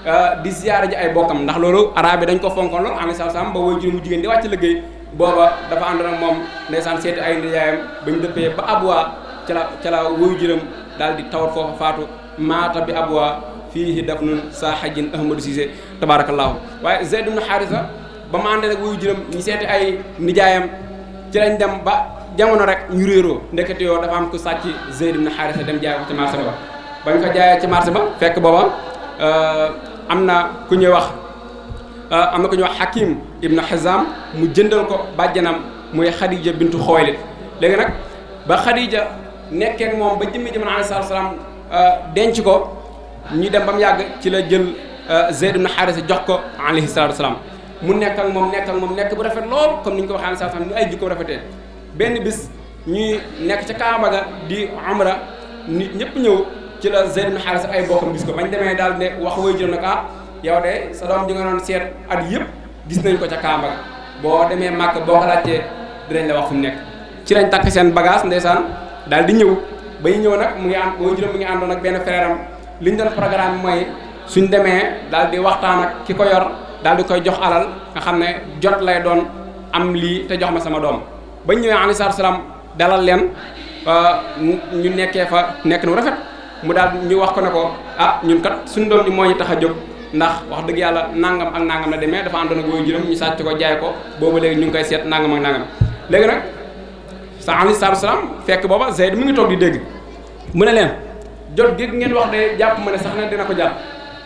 euh, di ziyaara ji ay bokkam ndax loolu araab dañ ko fonkoon loolu alayhi salaam ba woyu juróom mu jigéen di wàcc liggéey booba dafa àndoon ak moom ndeysaan seeti ay ndiyaayam ba ñu dëppee ba abwaa ci la ci la woyu juróom daal di tawat foofa faatu maata bi abwaa fii daf nun saa xajin Ahmadou Cissé tabaarakallaahu waaye Zayd ibn Haarisa ba mu ànd ak wuyu juróom ñu seeti ay nijaayam ci lañ dem ba jamono rek ñu réeroo ndekete yoo dafa am ku sàcc Zeyd ibn Haarisa dem jaay ko ci ba bañ ci marché ba fekk booba euh, am na ku ñuy wax euh, am na ku ñuy wax Hakim ibn Hizam mu jëndal ko bàjjanam muy Khadija bintu Xuwaylid léegi nag ba Khadija nekkee ak moom ba jëmmi jamono alayhi salaatu salaam euh, denc ko ñu dem ba mu yàgg ci la jël Zeyd na Haarisa jox ko alayhi salaatu salaam mu nekka moom nekk ak nekk bu rafet lool comme ni ñu ko waxee saa sax ñu ay jikko rafetee benn bis ñuy nekk ca Kaaba ga di Umra nit ñëpp ñëw ci la Zayd ibn ay bokkam gis ko bañ demee daal ne wax way jël ah, yow de sa doom ji nga doon seet at yëpp gis nañ ko ca Kaaba ga boo demee màkk boo ko laajtee dinañ la wax fu mu nekk. ci lañ takk seen bagage ndeysaan daal di ñëw ba ñu ñëw nag mu ngi am way jël mu ngi àndoon ak benn frère am li ñu doon programme mooy suñ demee daal di waxtaan ak ki ko yor. daal di koy jox alal nga xam ne jot lay doon am lii te jox ma sama doom bañ ñëwee alayhi salaatu salaam dalal leen ñu nekkee fa nekk nu rafet mu daal ñu wax ko ne ko ah ñun kat suñu doom ji moo ñu tax a jóg ndax wax dëgg yàlla nangam ak nangam la demee dafa àndoon ak ñu sàcc ko jaay ko boobu léegi ñu ngi seet nangam ak nangam léegi nag sa alayhi fekk booba Zayd mu ngi toog di dégg mu ne leen jot gi ngeen wax de jàpp ma ne sax ne dina ko jàpp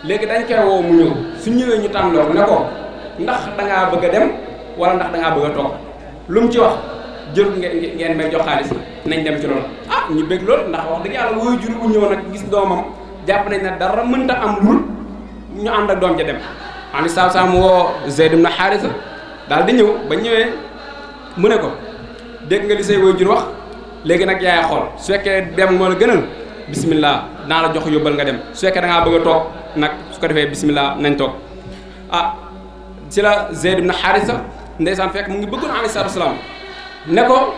léegi dañ koy woo mu ñëw su ñëwee ñu tàndoor ne ko ndax da ngaa bëgg a dem wala ndax da ngaa bëgg a toog lu mu ci wax jël ngeen ngeen may jox xaalis nañ dem ci loolu ah ñu bëgg loolu ndax wax dëgg yàlla wooy jur bu ñëw nag gis doomam jàpp nañ ne dara mënta am lul ñu ànd ak doom ja dem ani saa saa mu woo Zayd ibn Haarisa daal di ñëw ba ñëwee mu ne ko dégg nga li say wooy jur wax léegi nag yaay xool su fekkee dem moo la gënal bismillah naa la jox yóbbal nga dem su fekkee da bëgg a nag su ko defee bismillah nañ toog ah ci la Zayd ibn Haarisa ndeysaan fekk mu ngi bëggoon alayhi salaatu salaam ne ko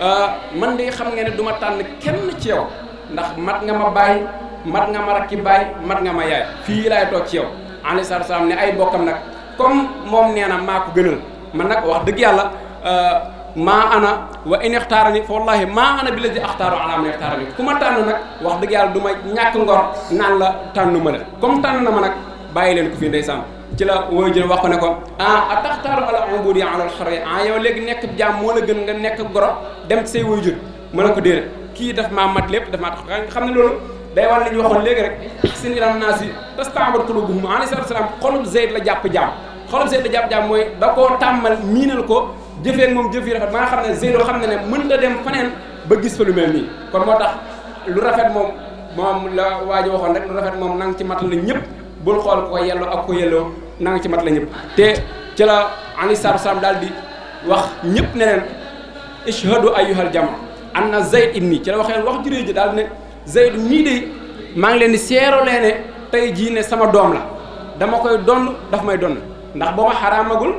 ah, man de xam nga ne duma tànn kenn ci yow ndax mat nga ma bàyyi mat nga ma rakki bàyyi mat nga ma yaay fii laay toog ci yow alayhi salaatu salaam ne ay bokkam nag comme moom nee maa ko gënal man nag wax dëgg yàlla. Ah, maa ana wa in ixtaarani fa wallahi maa ana bi la di axtaaru ala man ixtaarani ku ma tànn nag wax dëgg yàlla du ma ñàkk ngor nan la tànn ma la comme tànn na ma nag bàyyi leen ko fii ndeysaan ci la wooy wax ko ne ko ah a taxtaaru ala yow léegi nekk jaam moo gën nga nekk goro dem ci say wooy na ko déedéet kii daf maa mat lépp daf maa xam ne loolu day war lañu waxoon léegi rek seen ilam naa si tastaabat la jàpp jaam xolub Zayd la jàpp jaam mooy da koo tàmmal miinal ko jëfee moom jëf yu rafet ba nga xam ne zéro xam ne ne mën nga dem faneen ba gis fa lu mel nii kon moo tax lu rafet moom moom la waa ji waxoon rek lu rafet moom nanga ci mat la ñëpp bul xool ko yelloo ak ko yelloo nanga ci mat la ñëpp te ci la alayhi salaatu salaam daal di wax ñépp ne leen ishhadu ayyuhal jamaa anna zayd ibni ci la waxee wax jurée ji daal ne zayd mii de maa ngi leen di seeroo lee tey jii ne sama doom la dama koy donn daf may donn ndax boo ma xaraamagul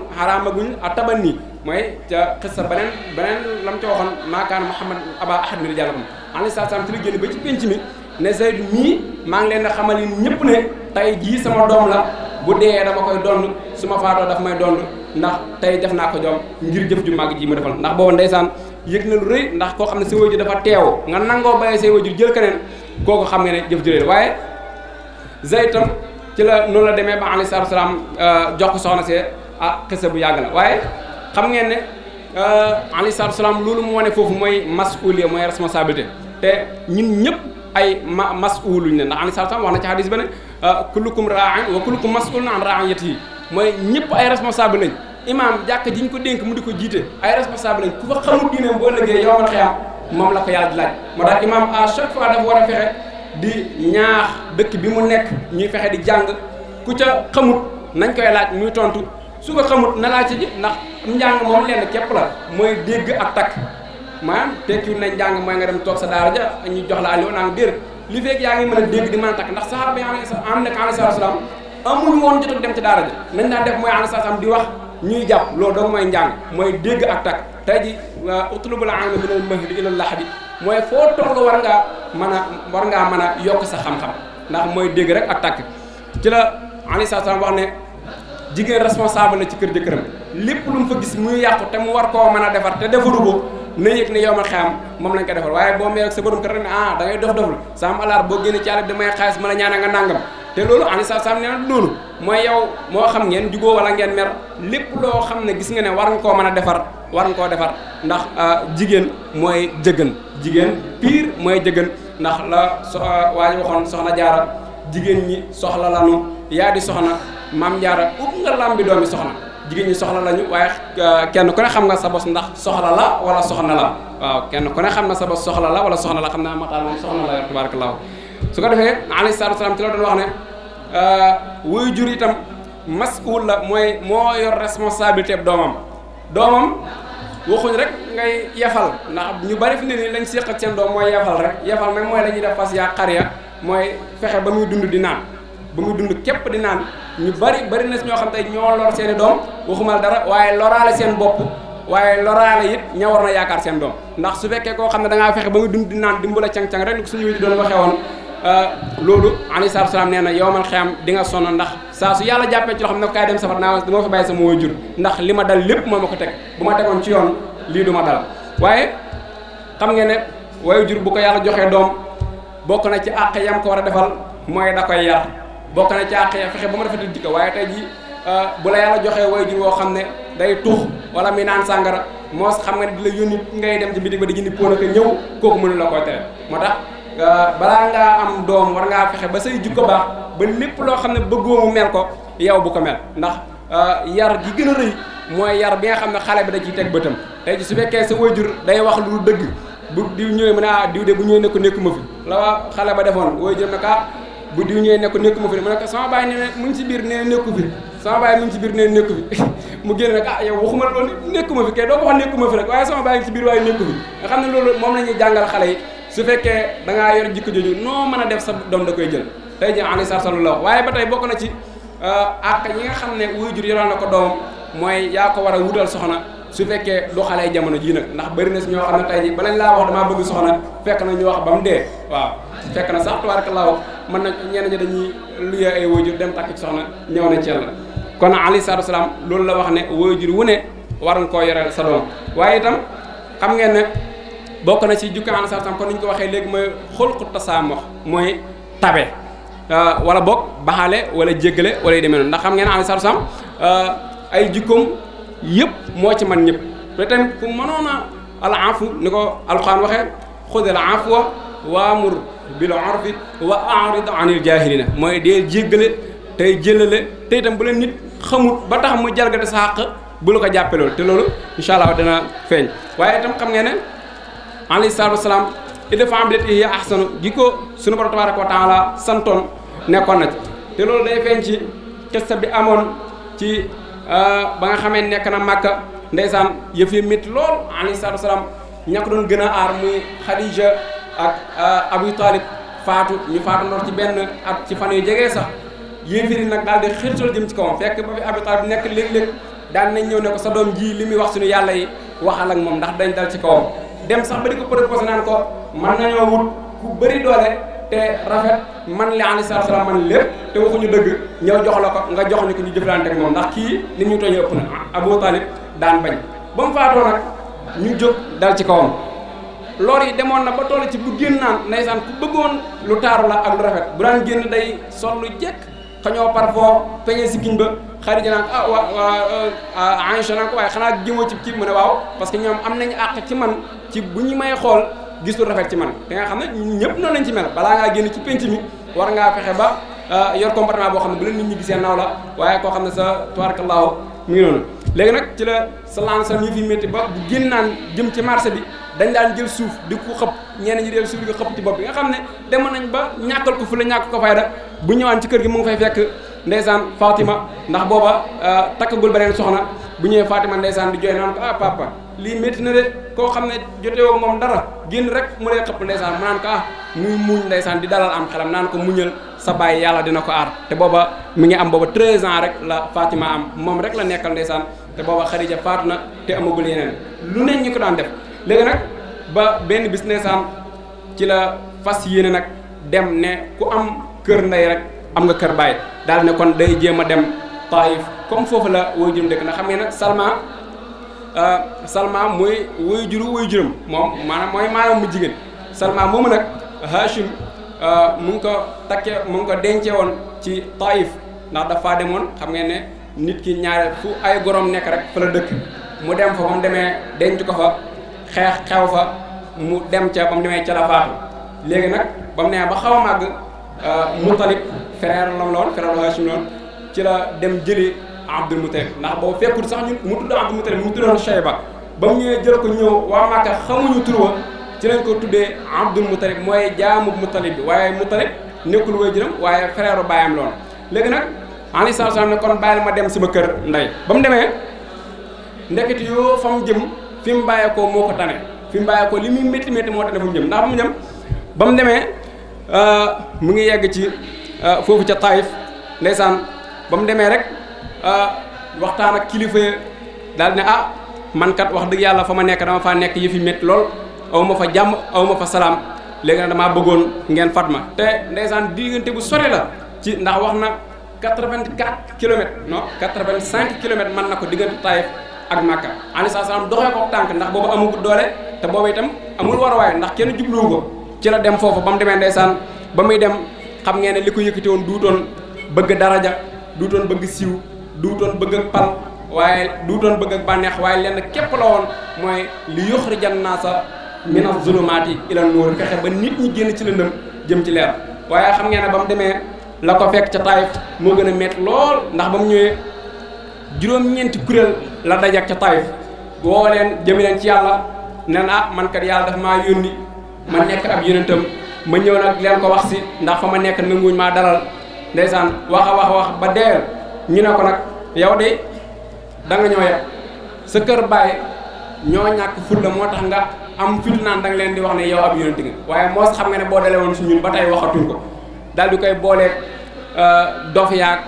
a taban nii mooy ca xis sa ba beneen lam ca waxoon maakaan Muhammad Aba Ahad mi di jàllabam alayhi salaam ci la génn ba ci penc mi ne Zayd mii maa ngi leen di xamal ñëpp ne tey jii sama doom la bu dee dama koy dond su ma faatoo daf may dond ndax tey def naa ko jom ngir jëf ju màgg ji ma defal ndax booba ndeysaan yëg na lu rëy ndax koo xam ne sa wajur dafa teew nga nangoo bàyyi say wajur jël koo ko xam nga ne jëf ju leen waaye Zayd tam ci la noonu la demee ba alayhi salaam euh, jox ko soxna see ah xisa bu yàgg la xam ngeen ne euh, alayhi salaatu salaam loolu mu wane foofu mooy masuuliya mooy responsabilité te ñun ñëpp ay ma masuuluñ ne ndax alayhi salaatu wax na ci hadis ba ne euh, kullukum raa'in wa kullukum masuulun an ra'iyyatihi mooy ñëpp ay responsable lañ imaam jàkk ji ñu ko dénk mu di ko jiite ay responsable lañ ku fa xamul diine boo ëllëgee yow man xiyaam moom la ko yàlla di laaj moo tax imaam à chaque fois dafa war a fexe di ñaax dëkk bi mu nekk ñuy fexe di jàng ku ca xamut nañ laaj muy su ko xamut na laa ci ji ndax njàng moom lenn képp la mooy dégg ak takk maanaam tekkiwul ne njàng mooy nga dem toog sa daara ja ñu jox la alio naan déer li fekk yaa ngi mën a dégg di mën a takk ndax saxaaba yaa ngi am nekk alayhi salaam amul woon jot dem ci daara ja nañ daan def mooy alayhi salaam di wax ñuy jàpp loolu dong mooy njàng mooy dégg ak takk tey ji utlubul ilma minal mahdi ilal lahdi mooy foo toll war ngaa mën a war ngaa mën a yokk sa xam-xam ndax mooy dégg rek ak takk ci la alayhi salaam wax ne jigéen responsable na ci kër jëkkëram lépp lu mu fa gis muy yàqu te mu war koo mën a defar te defaru ko na yëg ne yow ma xam moom lañ ko defal waaye boo meeg sa borom ne ah da ngay dof doful sam alaar boo génnee ci àll ma ñaana nga nàngam te loolu ani sa sam nee na mooy yow moo xam ngeen jugoo wala ngeen mer lépp loo xam ne gis nga ne war nga koo mën a defar war koo defar ndax ah, jigéen mooy jëggan jigéen pire mooy jëggan ndax la so ah, waa ji waxoon soxna jaara jigéen ñi soxla lañu yaa di soxna maam jaara ub nga lam bi doomi soxna jigéen ñi soxla lañu waaye euh, kenn ku ne xam nga sa bos ndax soxla la wala soxna la waaw kenn ku ne xam na sa bos soxla la wala soxna la xam naa mataal moom soxna la yor tabaarakallaahu su ko defee alayhi salaatu salaam ci la doon wax ne euh, wuyu jur itam mas'uul la mooy moo yor responsabilité b doomam doomam waxuñ rek ngay yefal ndax ñu bari fi ne nii lañ séq ak seen doom mooy yefal rek yefal ñuy def fas yaa xar mooy fexe ba muy dund di naan ba muy dund képp di naan ñu bari bari na si ñoo xam tey ñoo lor seen i doom waxumal dara waaye loraale seen bopp waaye loraale it ña war na yaakaar seen doom ndax su fekkee koo xam ne da fexe ba muy dund di naan dimbala cang-cang rek ni ko suñu wéy di doon waxee woon euh, loolu alayhi salaatu salaam nee na yowmal xiyam di nga sonn ndax saa su yàlla jàppee ci loo xam ne ko kaay dem safar naa dama fa bàyyi sama waajur ndax li ma dal moo ma ko teg bu ma ci yoon lii du ma dal waaye xam ngeen bokk na ci àq yam ko war a defal mooy da koy yar bokk na ci àq ya fexe ba mu rafetal jikko waaye tey ji euh, bu la yàlla joxee waajur woo xam ne day tux wala mi naan sàngara moos xam nga ne di la yónni ngay dem ci bitig ba di jëndi póon ak ñëw kooku mënu la koy tere moo tax euh, balaa ngaa am doom war ngaa fexe ba say ko baax ba lépp loo xam ne bëggoo mu mel ko yow bu ko mel ndax euh, yar gi gën a rëy mooy yar bi nga xam ne xale bi da ciy teg bëtam tey j su fekkee sa waajur day wax lu dëgg bu diw ñëwee mu ne ah, diw de bu ñëwee ne ko nekkuma fi la waa xale ba defoon wooy jëm na ka ah, bu diw ñëwee ne nekkuma fi mu mu biir nee nekku fi sama baay mu ngi ci biir nee nekku fi mu génn nag ah yow waxuma loolu nekkuma fi kay doo waxoon nekkuma fi rek waaye sama baay ngi ci biir waaye nekku fi nga xam ne loolu moom la jàngal xale yi su fekkee da yor jikko jooju noo mën a def sa doom da koy jël tey ji aleyhi salaatu la wax waaye ba tey bokk na ci euh, ak yi nga xam ne wuy jur yoroon na ko doomam mooy yaa ko war a wutal soxna su fekkee du xale jamono jii nag ndax bëri na si ñoo xam ne tey jii balañ laa wax damaa bëgg soxna fekk na ñu wax ba mu dee waaw fekk na sax tabaarakallaahu mën na ñenn ñi dañuy luyee ay waajur dem takk ci soxna ñëw na ci yàlla kon aleyhi salaatu wasalaam loolu la wax ne waajur wu ne war nga koo yoreel sa doom waaye itam xam ngeen ne bokk na si jukka aleyhi salaatu wasalaam kon ni ñu ko waxee léegi mooy xulqu tasaamox mooy tabe wala boog baxale wala jéggale wala yu demee noonu ndax xam ngeen aleyhi salaatu wasalaam ay jikkoom yëpp moo ci man ñëpp te tamit ku mënoon a al afu ni ko alxuraan waxee xudil afwa waamur bil urfi wa arid anil jaahilina mooy dee jéggale tey jëlale te itam bu leen nit xamut ba tax mu jalgate sa xàq bu la ko jàppee loolu te loolu incha allah dana feeñ waaye itam xam ngeen ne alayhi salaatu wasalaam idfa' billatii hiya ahsanu gi ko sunu borom tabaaraka wa taala santoon nekkoon na ci te loolu day feeñ ci kesta bi amoon ci Euh, ba nga xamee nekk na màkka ndeysaan yëf yi métti lool alayhi salaatu salaam doon gën a aar muy Khadija ak euh, Abu Talib faatu ñu faatu ndox ci benn at ci fan yu jege sax yéefiri nag daal di xirtal jëm ci kawam fekk ba fi Abu nekk léeg-léeg daan nañ ñëw ne ko sa doom ji li muy wax suñu yàlla yi waxal ak moom ndax dañ dal ci kawam dem sax ba di ko proposé naan ko mën nañoo wut ku bëri doole te rafet. man li alayhi salaatu salaam man lépp te waxuñu dëgg ñëw jox la ko nga jox ñu ko ñu jëflante ak moom ndax kii li ñu tooñee ëpp na Abu daan bañ ba mu faatoo nag ñu jóg dal ci kawam lor demoon na ba toll ci bu génn naan ndeysaan ku bëggoon lu taaru la rafet bu daan génn day sol lu jekk xañoo parfum peñe si giñ ba xarit naan ah wa wa Aïcha naan ko waaye xanaa gémoo ci ci mu ne waaw parce que ñoom am nañu àq ci man ci bu ñu may xool gis lu rafet ci man te nga xam ne ñëpp noonu lañ ci mel balaa ngaa génn ci penc mi war ngaa fexe ba euh, yor comportement boo xam ne bu leen nit ñi gisee naw la waaye koo xam ne sa tubaarkallaahu mu ngi noonu léegi nag ci la sa lancé ñu fi métti ba bu génn naan jëm ci marché bi dañ daan jël suuf di ko xëp ñeen ñi del suuf di ko xëpp ci bopp bi nga xam ne demoon nañ ba ñàkkal ko fu la ñàkk ko fayda bu ñëwaan ci kër gi mu ngi fay fekk ndeysaan Fatima ndax booba euh, takkagul beneen soxna bu ñëwee Fatima ndeysaan di jooy naan ko ah papa lii métti na de koo xam ne jotewoo moom dara génn rek mu lay xëpp ndeysaan mu naan ko ah muy muñ ndeysaan di dalal am xelam naan ko muñal sa baay yàlla dina ko aar te booba mi ngi am booba 13 ans rek la Fatima am moom rek la nekkal ndeysaan te booba Xadija faatu na te amagul yeneen lu ne ñu ko daan def léegi nag ba benn bis ndeysaan ci la fas yéene nag dem ne ku am kër ndey rek am nga kër bàyyi daal ne kon day jéem a dem Taïf comme foofu la wooy jëm na xam ngeen nag Salma Euh, Salma mooy woy juru woy juram moom maanaam mooy maanaam mu jigéen Salma moomu nag Hachim euh, mu ngi ko takkee mu ngi ko dencee woon ci Taïf ndax dafa demoon xam ngeen ne nit ki ñaare fu ay gorom nekk rek fa la dëkk mu dem fa ba mu demee denc ko fa xeex xew fa mu dem ca ba mu demee ca la faatu léegi nag ba mu nee ba xaw a màgg euh, Mutalib frère lam loon frère Hachim loon ci la dem jëli Abdul Mutalib ndax boobu fekkul sax ñun mu tudd Abdul Mutalib mu tuddoon Shayba ba mu ñëwee jël ko ñëw waa Màkka xamuñu tur wa ci lañ ko tuddee Abdul Mutalib mooy jaamu Mutalib bi waaye Mutalib nekkul waajuram waaye frère baayam loon léegi nag alayhi salaam ne kon bàyyi la ma dem sama kër ndey ba mu demee ndeket yoo fa mu jëm fi mu bàyyee ko moo ko tane fi mu bàyyee ko li muy métti métti moo tane fa mu jëm ndax ba mu demee euh, mu ngi yegg ci euh, foofu ca Taïf ndeysaan ba mu demee rek Euh, waxtaan ak kilifa daal ne ah man kat wax dëgg yàlla fa ma nekk dama faa nekk yëfi métti lool aw ma fa jàmm aw ma fa salaam léegi nag damaa bëggoon ngeen fat ma te ndeysaan diggante bu sore la ci ndax wax na 84 kilomètres non 85 kilomètres mën na ko diggante Taïf ak Makka aleyhi salaam doxee ko tànk ndax boobu amul doole te boobu itam amul waruwaay ndax kenn jubluwu ko ci la dem foofu ba mu demee ndeysaan ba muy dem xam ngeen ne li ko yëkkati woon duutoon bëgg daraja duutoon bëgg siiw duutoon bëgg ak pal waaye duutoon bëgg ak bànneex waaye lenn képp la woon mooy li naa sa mina zulumaati ila nuur fexe ba nit ñi génn ci lëndëm jëm ci leer waaye xam ngeen ne ba mu demee la ko fekk ca Taayif moo gën a métti lool ndax ba mu ñëwee juróom-ñeenti kuréel la dajak ca Taayif boo leen jëmi leen ci yàlla ne ah man kat yàlla daf maa yónni ma nekk ab yonentam ma ñëw nag leen ko wax si ndax fa ma nekk nanguñ maa dalal ndeysaan wax a ba deel ñu ne ko nag yow de da nga ñoo yab sa kër baay ñoo ñàkk fulla moo tax nga am fit naan da leen di wax ne yow ab yonent nga waaye moo xam nga ne boo dalee woon si ñun ba tey waxatuñ ko daal di koy boolee euh, dof yaag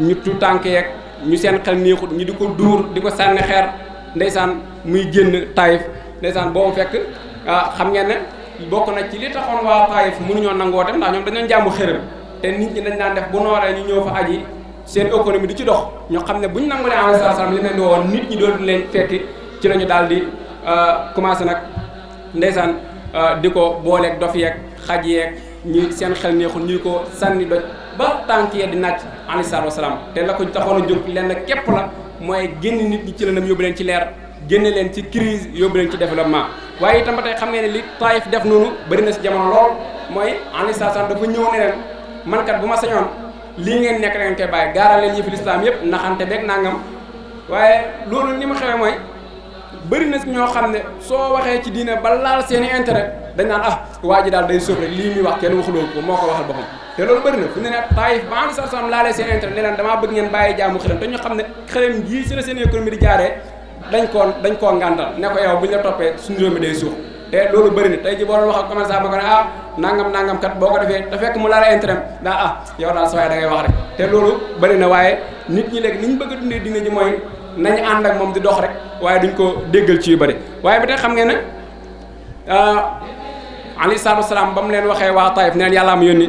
ñu tànk yeeg ñu seen xel neexut ñu di ko di ko sànni xeer ndeysaan muy génn taayif ndeysaan boobu fekk euh, xam ngeen ne bokk na ci li taxoon waa taayif mënuñoo nangoo dem ndax ñoom dañu leen jàmm xërëm te nit ñi dañ daan def bu nooree ñu ñëw fa yi seen économie di ci dox ñu xam ne bu ñu nangulee alayhi salaam li leen di woon nit ñi dootu leen fekki ci la ñu daal di euh, commencé nag ndeysaan euh, di ko booleeg dof yeeg xaj yeeg ñi seen xel neexul ñuy ko sànni doj ba tànk yee di naaj alayhi salaam te la ko taxoon a jóg lenn képp la mooy génn nit ñi ci lëndëm yóbbu leen ci leer génne leen ci crise yóbbu leen ci développement waaye itam ba tey xam ngeen ne li Taïf def noonu bëri na si jamono lool mooy alayhi salaam dafa ñëw ne leen man bu ma sañoon. lii ngeen nekk da ngeen koy bàyyi gaaral leen yëfi lislaam yëpp naxante beeg nangam waaye loolu ni ma xewee mooy bëri na ñoo xam ne soo waxee ci diine ba laal seen i intérêt dañ naan ah waa ji daal day sóob rek lii muy wax kenn waxuloo ko moo ko waxal boppam te loolu bëri na fu ne ne taayif ba am sarsam laalee seen intérêt ne leen damaa bëgg ngeen bàyyi jaamu xelam te ñu xam ne xelam jii si la seen économie di jaaree dañ koo dañ koo ngàntal ne ko yow bu ñu la toppee suñu réew mi day suux te tey ji wax ak commerçant nangam nangam kat boo ko defee da fekk mu laal intérêt daa ah yow daal sa waay da ngay wax rek te loolu bari na waaye nit ñi léegi ni ñu bëgg a dundee dina ji mooy nañ ànd ak moom di dox rek waaye duñ ko déggal ci yu bëri waaye bi tey xam ngeen ne ah, alayhi salaatu wasalaam ba mu leen waxee waa Taïf ne leen yàlla am yónni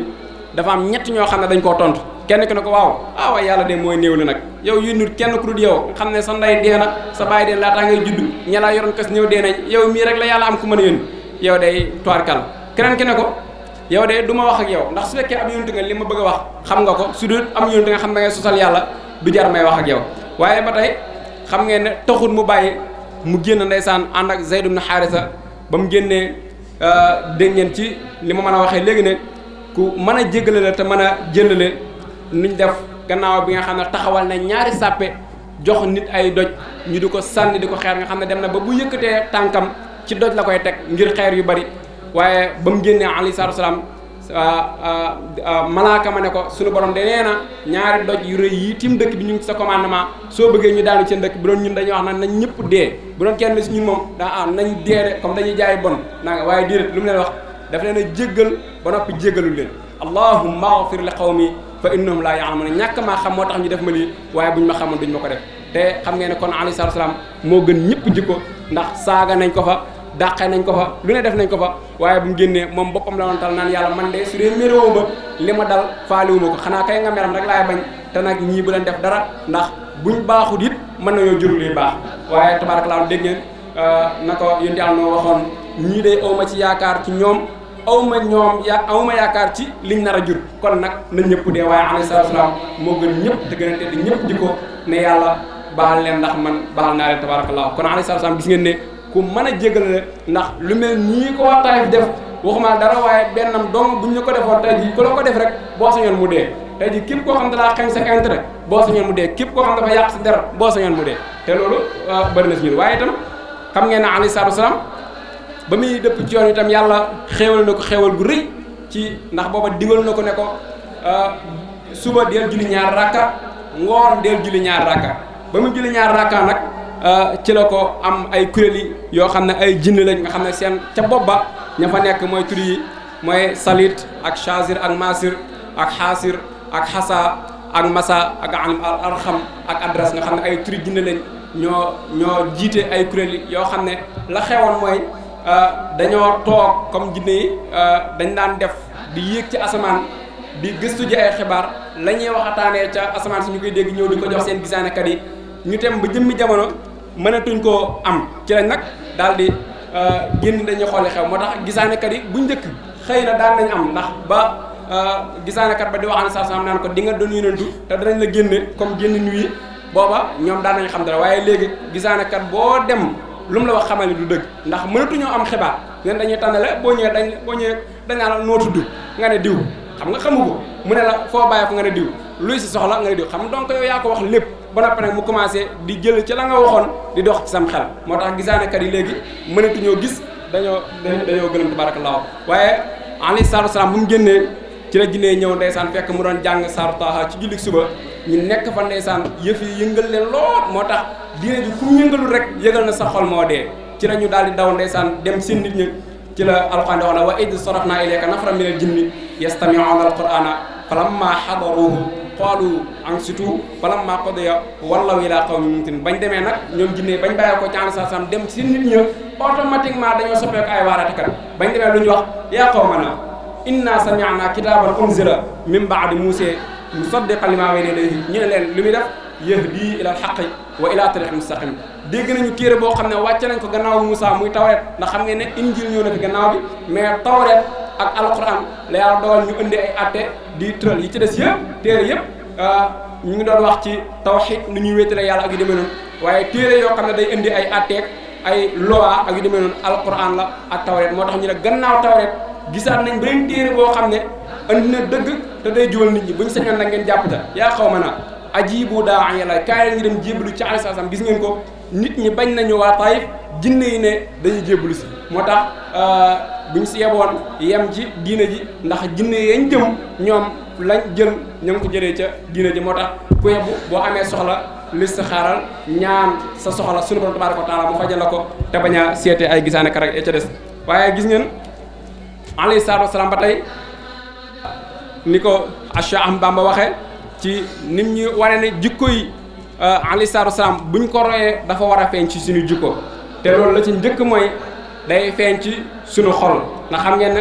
am ñett ñoo xam ne dañ koo tontu kenn ki ne ko waaw ah waaye yàlla de mooy néew li nag yow yónnul kenn ku dul yow xam ne sa ndey dee na sa bàyyi dee laataa ngay judd ña laa yoroon kas ñëw dee nañ yow mii rek la yàlla am ku mën a yónni yow day toirkal keneen ki ne ko yow de du ma wax ak yow ndax su fekkee am yonent nga li ma bëgg a wax xam nga ko su dul am yonent nga xam na ngay sosal yàlla du jar may wax ak yow waaye ma tey xam ngeen ne taxul mu bàyyi mu génn ndeysaan ànd ak Zayd ibn Haarisa ba mu génnee euh, dégg ngeen ci li ma mën a waxee léegi ne ku mën a jéggale la te mën a jëlale nuñ def gannaaw bi nga xam ne taxawal na ñaari sàppe jox nit ay doj ñu di ko sànni di ko xeer nga xam ne dem na ba mu bu te tànkam ci doj la koy teg ngir xeer yu bari waaye ba mu génnee alayhi salaatu wa salaam ah, ah, ah, malaaka ma ne ko suñu borom de nee na ñaari doj yu rëy yi tiim dëkk bi ñu ngi ci sa commandement soo bëggee ñu daanu seen dëkk bu doon ñun dañu wax nag nañ ñëpp dee bu doon kenn si ñun moom daa ah nañ dee de comme dañuy jaay bon naa waaye déedéet lu mu leen wax daf leen a jéggal ba noppi jéggalul leen allahumma agfir li qawmi fa innahum laa ya'lamuun ñàkk maa xam moo tax ñu def ma lii waaye buñ ma xamoon duñ ma ko def te xam ngeen ne kon alayhi salaatu moo gën ñëpp jikko ndax saaga nañ ko fa dàqee nañ ko fa lu ne def nañ ko fa waaye bu mu génnee moom boppam la doon tal naan yàlla man de su dee méréwu ma li ma dal faaliwu ma ko xanaa kay nga meram rek laay bañ te nag ñii bu leen def dara ndax buñ baaxut it mën nañoo jur luy baax waaye tabaarakallaa dégg ngeen euh, na ko yéen daal noo waxoon ñii de awma ci yaakaar ci ñoom awma ñoom ya awma yaakaar ci liñ nar a jur kon nag na ñëpp dee waaye alayhi salaatu salaam moo gën ñëpp te gën a tedd ñëpp di ko ne yàlla baal leen ndax man baal naa leen tabaarakallaa kon alayhi salaatu ku mën a jégal la ndax lu mel nii ko waa Taïf def waxuma dara waaye bennam dong bu ñu ko defoon tey jii ku la ko def rek boo sañoon mu dee tey jii képp koo xam ne laa xañ sa intérêt boo sañoon mu dee képp koo xam dafa yàq si dara boo sañoon mu dee te loolu euh, bëri na si ñun waaye itam xam ngeen ne alayhi sa wasalaam ba muy dëpp ci yoon tam yàlla xéewal na ko xewal gu rëy ci ndax booba digal na ko ne ko euh, suba deel julli ñaar rakka ngoon deel julli ñaar rakka ba mu julli ñaar rakka Euh, ci la ko am ay kuréel yoo xam ne ay jinn lañ nga xam ne seen ca bopp ba ña fa nekk mooy tur yi mooy salit ak chasir ak masir ak xaasir ak xasa ak masa ak arxam ak adresse nga xam ne ay turi jinn lañ ñoo ñoo jiite ay kuréel yoo xam ne la xewoon mooy euh, dañoo toog comme jinne yi euh, dañ daan def di yéeg ci asamaan di gëstu ji ay xibaar la ñuy waxataanee ca asamaan si ñu koy dégg ñëw di ko jox seen gisaanekat yi ñu tem ba jëmmi jamono mënatuñ koo am ci lañ nag daal di euh, génn dañuy xooli xew moo tax gisaanekat yi bu njëkk xëy na daan nañ am ndax ba euh, gisaanekat ba di waxaan saa sam naan ko di nga doon yonentu te danañ la génne comme génn nuyi booba ñoom daan nañ xam dara waaye léegi gisaanekat boo dem lu mu la wax xamal ni du dëgg ndax mënatuñoo am xibaar leen dañuy tànnale boo ñëwee dañ boo ñëwee dañ naan noo tudd nga ne diw xam nga xamu ko mu ne la foo bàyyi nga ne diw luy si soxla ngay di xam donc yow yaa ko wax lépp ba noppi nag mu commencé di jël ci la nga waxoon di dox ci sam xel moo tax gisaanekat yi léegi ñoo gis dañoo dañoo gëlëm tabaarakallaahu waaye alayhi salaatu salaam bu mu génnee ci la jinne ñëw ndeysaan fekk mu doon jàng saaru taaha ci jullik suba ñu nekk fa ndeysaan yëf yi yëngal leen loo moo tax diine ji ku mu rek yëgal na sa xol moo dee ci la ñu daal di daw ndeysaan dem seen nit ñi ci la alxuraan wax na wa id sarafna ilayka nafra minal jinni yastami'una alqur'ana falamma hadaruhu xooolu en surtout balam maa ko doya walaw yi laa xaw ñu mumtin bañ demee nag ñoom jinne bañ bàyyi ko ci ànd saasam dem si nit ña automatiquement dañoo soppee ko ay waaraatekat bañ demee lu ñu wax yaa xaw sa inna sami'na kitaaban unzila min ba'di Muusa musaddiqan limaa bayna yadayhi ñu ne leen lu muy def yahdi ilal haqqi wa ila tariqin mustaqim dégg nañu téere boo xam ne wàcce nañ ko gannaaw Moussa muy tawreet ndax xam ngeen ne injil ñëw na fi gannaaw bi mais tawreet ak alquran la yàlla dogal ñu indi ay atte di tëral yi ci des yëpp téere yëpp euh, ñu ngi doon wax ci tawxid nu ñuy wéetale yàlla ak yu demee noonu waaye téere yoo xam ne day indi ay atteeg ay loa ak yu demee noonu alquran la ak tawreet moo tax ñu ne gannaaw tawreet gisaat nañ beneen téere boo xam ne andi na dëgg te day jubal nit ñi bu ñu sañoon nag jàpp ta yaa xaw ma naa ajibu daa yàlla kaay leen ñu dem jébbalu ci alayhi salaam gis ngeen ko nit ñi bañ nañu waa Taïf jinne yi ne dañuy jébbalu si moo tax euh, buñ si yeboon yem ci diina ji ndax jinne yañ jëm ñoom lañ jël ña ko jëlee ca diina ji moo tax ku yebu boo amee soxla xaaral ñaan sa soxla suñu borom tabaaraka wa taala mu fajal la ko te bañ a seete ay gisaane karak e ca des waaye gis ngeen alayhi salaatu wasalaam ba tey ni ko am Ahmadou Bamba waxee ci nit ñi waree ne jikko yi Euh, alayhi salaatu bu ñu ko royee dafa war a feeñ ci suñu jikko te loolu la ci njëkk mooy day feeñ ci suñu xol na xam ngeen ne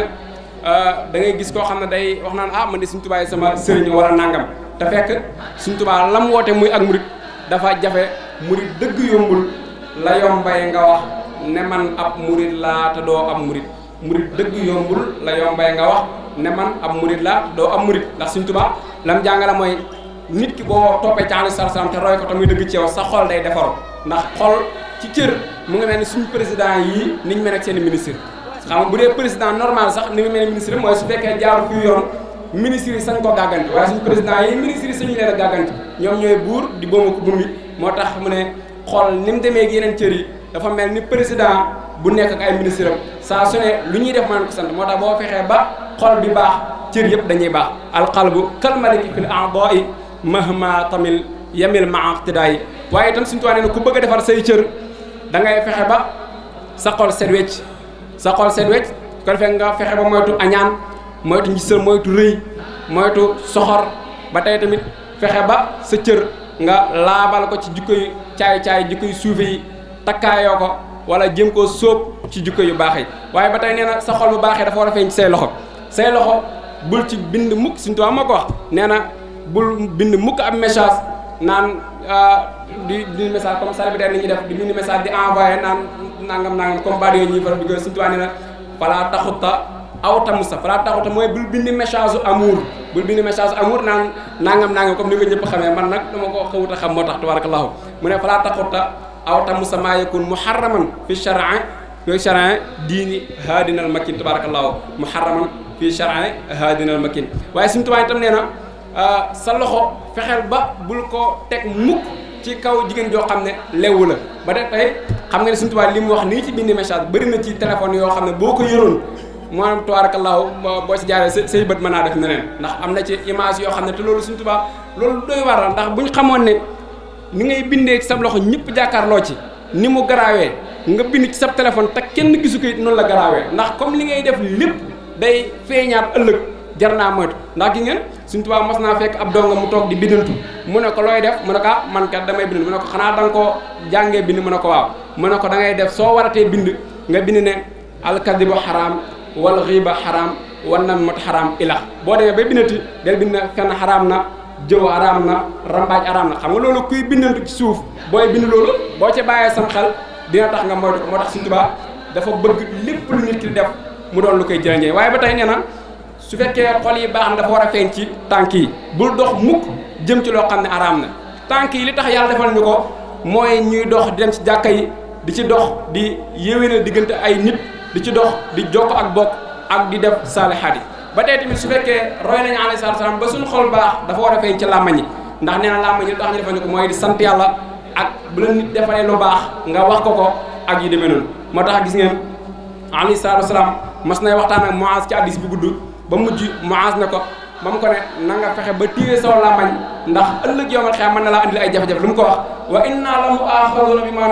euh, da ngay gis koo xam ne day wax naan ah man de suñ tubaay sama sëriñ war a nangam te fekk suñ la mu woote muy ak murit dafa jafe murit dëgg yombul la yombay nga wax ne man ab murit laa doo am murit murit dëgg yombul la yombay nga wax ne man ab murit laa doo am murit ndax suñ tubaa lam jàngale mooy nit ki boo toppee ci alayhi salaam te roy ko tamit dëgg ci sa xol day defaru ndax xol ci cër mu ngi mel ni suñu président yi niñ mel ak seen ministre xam nga bu dee président normal sax ni mu mel ni ministre mooy su fekkee jaaru fi yoon ministre yi ko gàggante waaye suñu président yi ministre yi sañu leen a gàggante ñoom ñooy buur di booma ko bumi moo tax mu ne xol ni mu demee ak yeneen cër yi dafa mel ni président bu nekk ak ay ministre am saa su ne ñuy def mën moo tax boo fexee ba xol bi baax cër yëpp dañuy baax alqalbu kalmaliki fil a'daa'i mahma tamil yamil maa tidaay waaye itam suñu tuwaa nee na ku bëgg a defar say cër da ngay fexe ba sa xol set wecc sa xol set wecc ko nga fexe ba moytu añaan moytu njisal moytu rëy moytu soxor ba tey tamit fexe ba sa cër nga laabal ko ci jikko yu caay-caay jikko yu suufe yi takkaayoo ko wala jéem koo sóob ci jikko yu baax yi waaye ba tey nee na sa xol bu baaxee dafa war a feeñ ci say loxo say loxo bul ci bind mukk suñu tuwaa moo ko wax nee na bul bind mukk ab message naan ah, di di message comme célibataire ni ñuy def di bind message di envoyé naan nangam nangam comme bari yooyu ñuy faral di ko Sëñ Tuubaa nee na falaa taxuta awta musa falaa taxuta mooy bul bind message u amour bind message amour naan nangam nangam comme ni ko ñëpp xamee man nag dama ko xawut a xam moo tax tabarakallahu mu ne falaa taxuta awta musa maa yakun muharraman fi charin fi charin diini haadinal makin tabarakallahu muharraman fi charin haadinal makin waaye Sëñ Tuubaa Euh, sa loxo fexeel ba bul ko teg mukk ci kaw jigéen joo xam ne lewu la ba de tey xam nga ne suñu li mu wax nii ci bind message bëri na ci téléphone yoo xam ne boo ko yoroon maanaam tabaarakallaahu boo si jaaree sa say bët mën naa def neneen ndax am na ci image yoo xam ne te loolu suñu tubaab loolu doy war la ndax bu ñu xamoon ne ni ngay bindee ci sa loxo ñëpp jàkkaarloo ci ni mu garaawee nga bind ci sa téléphone te kenn gisu ko noonu la garaawee ndax comme li ngay def lépp day feeñaat ëllëg. jar naa moytu ndax gi ngeen suñ tubaab mos naa fekk ab donga mu toog di bindantu mu ne ko looy def mu ne ko ah man kat damay bind mu ne ko xanaa da nga koo jàngee bind mu ne ko waaw mu ne ko dangay ngay def soo waratee bind nga bind ne alkadibu xaraam wal xiiba xaraam wan na mot xaraam ilax boo demee ba bindati del bind ne fenn xaraam na jëw xaraam na rambaaj xaraam na xam nga loolu kuy bindantu ci suuf booy bind loolu boo ca bàyyee sam xel dina tax nga moytu moo tax suñ tubaab dafa bëgg lépp lu nit ki def mu doon lu koy jëriñee waaye ba tey nee na su fekkee xol yi baax na dafa war a feeñ ci tànk yi bul dox mukk jëm ci loo xam ne araam na tànk yi li tax yàlla defal ñu ko mooy ñuy dox di dem ci jàkka yi di ci dox di yéwénal diggante ay nit di ci dox di jokk ak bokk ak di def saalihaat yi ba tey tamit su fekkee roy nañu alayhi salaatu salaam ba suñu xol baax dafa war a feeñ ci làmmañ yi ndax nee na làmmañ yi li tax ñu defal ñu ko mooy di sant yàlla ak bu la nit defalee lu baax nga wax ko ko ak yu demee noonu moo tax gis ngeen alayhi salaatu mas nay waxtaan ak Muaz ci hadiis bu gudd ba mujj Muaaz na ko ba ko ne na nga fexe ba téye saw làmmañ ndax ëllëg yowmal xiyaam mën na laa andil ay jafe-jafe lu ko wax wa inna la mu'aaxazuuna bimaa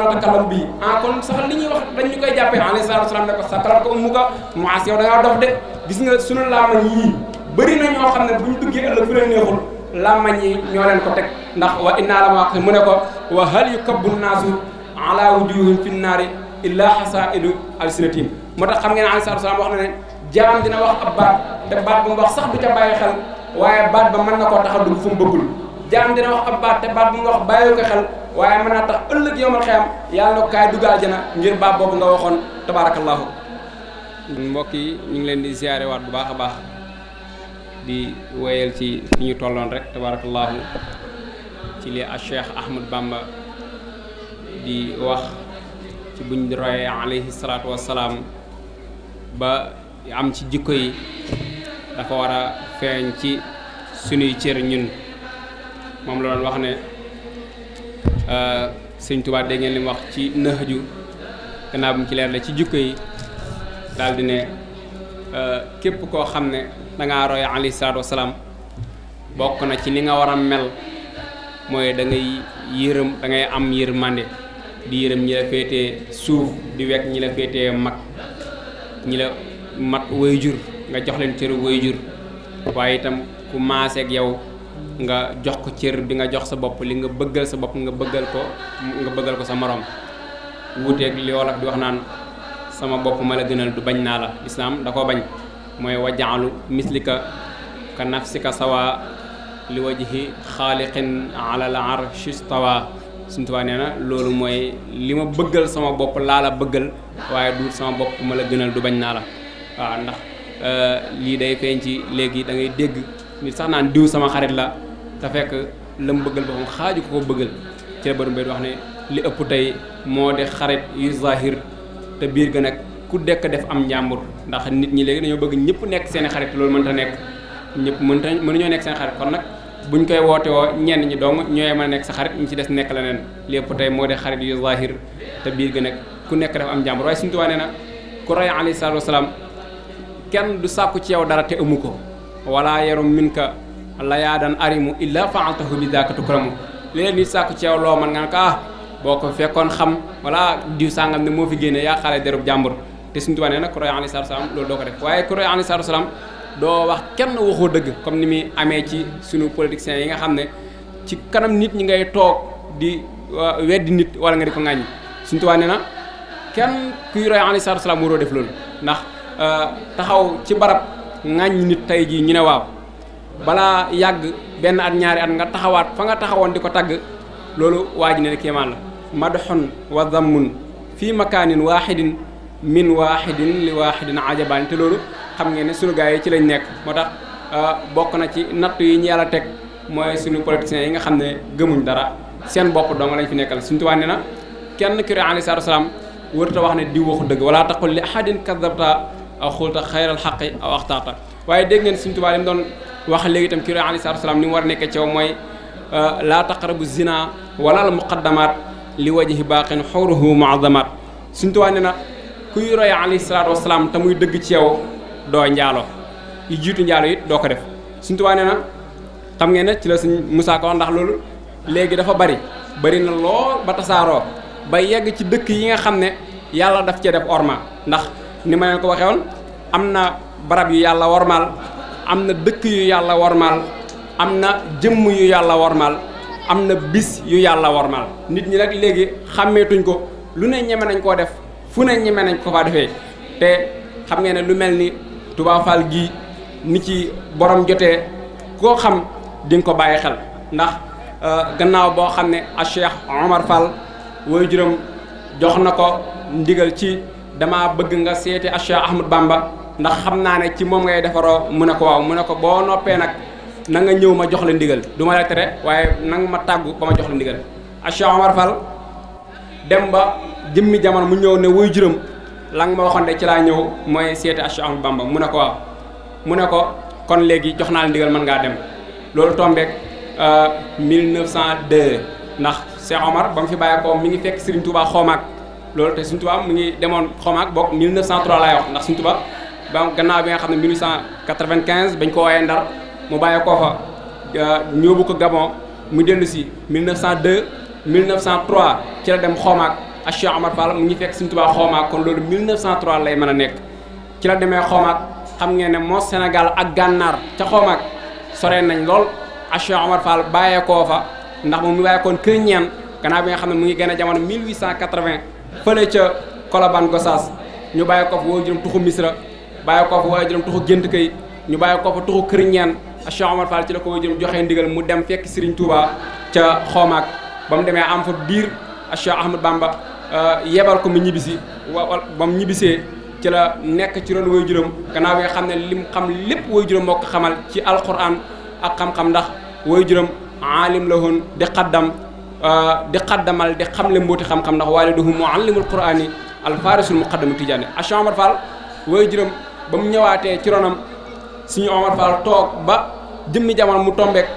ah, li ñuy wax koy jàppee alayhi salaatu wasalaam ne ko sakarat ko ummu ko Muaaz nga sunu làmmañ yii bëri ñoo xam ne bu ñu duggee ëllëg fu leen neexul làmmañ yi ñoo leen ko teg ndax wa inna la mu'aaxazuuna mu ne ko wa hal yukabbu nnaasu ala wujuuhihim fi nnaari illaa hasaa'idu alsinatihim moo tax xam ngeen alayhi salaatu wasalaam wax na ne jaam dina wax ab baat te baat bu mu wax sax du ca bàyyi xel waaye baat ba mën na koo tax a dugg fu mu bëggul jaam dina wax ab baat te baat bu mu wax bàyyi ko xel waaye mën naa tax ëllëg yomal xeyam yàlla na ko kaay dugg na ngir baat boobu nga waxoon tabaarakallaahu mbokk yi ñu ngi leen di ziyaare waat bu baax a baax di wéyal ci fi ñu tolloon rek tabaarakallaahu ci li a Cheikh Ahmad Bamba di wax ci buñ royee alayhi salaatu wassalaam ba am ci jikko yi dafa war a feeñ ci sunuy cër ñun moom la doon wax ne euh, sëñ Tuubaa dégg ngeen li wax ci nëxëju gannaaw bi mu ci leer la ci jikko yi daal di ne euh, képp koo xam ne dangaa roy alayhi salaatu wasalaam bokk na ci li nga war a mel mooy dangay ngay yërëm da ngay am yërmande di yërëm ñi la féetee suuf di wekk ñi la féetee mag ñi la mat way jur nga jox leen cër way jur waaye itam ku maaseeg yow nga jox ko cër bi nga jox sa bopp li nga bëggal sa bopp nga bëggal ko bëggal ko sa morom wuuteeg li wolof di wax naan sama bopp ma la gënal du bañ naa la islaam da koo bañ mooy wajaalu mislika ka nafsika sawa li wajhi xaaliqin alal arshi stawa suñu tubaa nee na loolu mooy li ma bëggal sama bopp laa la bëggal waaye du sama bopp ma la gënal du bañ naa la waaw ndax euh, lii day feeñ ci léegi da ngay dégg nit sax naan diw sama xarit la te fekk la mu bëggal boppam xaaju ko ko bëggal ci la borom bi wax ne li ëpp tey moo de xarit yu zahir te biir ga nag ku dekk def am njàmbur ndax nit ñi léegi dañoo bëgg ñëpp nekk seen i xarit loolu mënta nekk ñëpp mënta mënuñoo nekk seen xarit kon nag buñ koy woote ñenn ñi dong ñooy mën nekk sa xarit ñu ci des nekk la neen li ëpp tey moo de xarit yu zahir te biir ga nag ku nekk def am njàmbur waaye suñu tuwaa nee na ku rey alayhi salaatu wasalaam kenn du sàkku ci yow dara te amu ko wala yarum min ka la yaa daan arimu illa faaltahu bi daaka tukramu léeg-léeg nit sàkku ci yow loo man nga ne ko ah boo ko fekkoon xam wala diw sàngam ne moo fi génne yaa xale derub jàmbur te suñu tubaab nee nag ku roy alayhi salaatu salaam doo ko def waaye ku roy alayhi salaatu salaam doo wax kenn waxoo dëgg comme ni muy amee ci suñu politiciens yi nga xam ne ci kanam nit ñi ngay toog di weddi nit wala nga di ko ŋàññi na kenn kuy roy alayhi salaatu salaam waroo def loolu ndax Euh, taxaw ci barab ŋàññ nit tey jii ñu ne waaw balaa yàgg benn at ñaari at nga taxawaat fa nga taxawoon di ko tagg loolu waa ji ne kéemaan la madxun wa dammun fii makaanin waaxidin min waaxidin li waaxidin ajabaan te loolu xam ngeen ne sunu gars yi ci lañ nekk moo tax euh, bokk na ci natt yi ñu yàlla teg mooy sunu politiciens yi nga xam ne gëmuñ dara seen bopp dong lañ fi nekkal suñu tubaab ne na kenn kure alayhi salaatu wasalaam wërta wax ne di waxu dëgg aw xulta xayral xaqi aw axtaata waaye dégg ngeen suñ tubaab yi mu doon wax léegi tam itam ki alayhi salaatu salaam ni mu war a nekkee ci yow mooy laa taqrabu zina wala al muqaddamaat li wajhi baaqin xawruhu muazamaat suñ tubaab nee na kuy roy alayhi salaatu wasalaam te muy dëgg ci yow doo njaalo yu jiitu njaalo it doo ko def suñ tubaab nee na xam ngeen ne ci la suñ Musaa ko ndax loolu léegi dafa bari bari na lool ba tasaaroo ba yegg ci dëkk yi nga xam ne yàlla daf cee def orma ndax ni ma leen ko waxee woon am na barab yu yàlla wormaal am na dëkk yu yàlla wormaal am na jëmm yu yàlla wormaal am na bis yu yàlla wormaal nit ñi nag léegi xàmmeetuñ ko lu ne ñeme nañ koo def fu ne ñeme nañ ko faa defee te xam ngeen ne lu mel ni Touba Fall gii ni ci boroom jotee koo xam di ko bàyyi xel ndax euh, gannaaw boo xam ne a Omar Fall woy juróom jox na ko ndigal ci damaa bëgg nga seeti Cheikh Ahmad Bamba ndax xam naa ne ci moom ngay defaroo mu ne ko waaw mu ne ko boo noppee nag na nga ñëw ma jox la ndigal du ma la tere waaye nanga ma tàggu ba ma jox la ndigal Cheikh Omar Fall dem ba jëmmi jamono mu ñëw ne wuy juróom la nga ma waxoon de ci laa ñëw mooy seeti Cheikh Ahmad Bamba mu ne ko waaw mu ne ko kon léegi jox naa la ndigal mën ngaa dem loolu tombeek 1902 euh, ndax Cheikh Omar ba mu fi bàyyeekoo mi ngi fekk Serigne Touba xoomaak loolu te Sëriñ Tuubaa mu ngi demoon xomaak bokk 1903 laay wax ndax Sëriñ Tuubaa ba gannaaw bi nga xam ne 1895 bañ ko woowee Ndar mu bàyyi koo fa euh, ñóbbu ko Gabon mu dellu si 1902 1903 ci la dem xomaak ak Cheikh Omar Fall mu ngi fekk Sëriñ Tuubaa xomaak kon loolu 1903 lay mën a nekk ci la demee xomaak xam ngeen ne moo Sénégal ak gànnaar ca xomaak soree nañ lool ak Cheikh Omar Fall bàyyeekoo fa ndax moom mu bàyyeekoon kër ñeen gannaaw bi nga xam ne mu ngi gën a jamono 1880 fële ca Colobane Gossas ñu bàyyi ko fa woo juróom tuxu Misra bàyyi ko fa woo juróom tuxu gént kay ñu bàyyi ko fa tuxu Kërñeen Cheikh Omar Fall ci la ko woo juróom joxe ndigal mu dem fekk Serigne Touba ca Xomaak ba mu demee am fa diir Cheikh Ahmad Bamba euh, yebal ko mu ñibbisi wa ba mu ñibbisee ci la nekk ci ron woy juróom gannaaw bi nga xam ne lim xam lépp woy juróom moo ko xamal ci alquran ak xam-xam ndax woy juróom aalim la woon di xaddam Euh, di xaddamal di xamle mbooti xam-xam ndax waaliduhu muallimul qur'ani alfaarisul muqaddamu tijaani Cheikh Omar Fall way jërëm ba mu ñëwaatee ci ronam suñu Omar Fall toog ba jëmmi jamono mu tombeek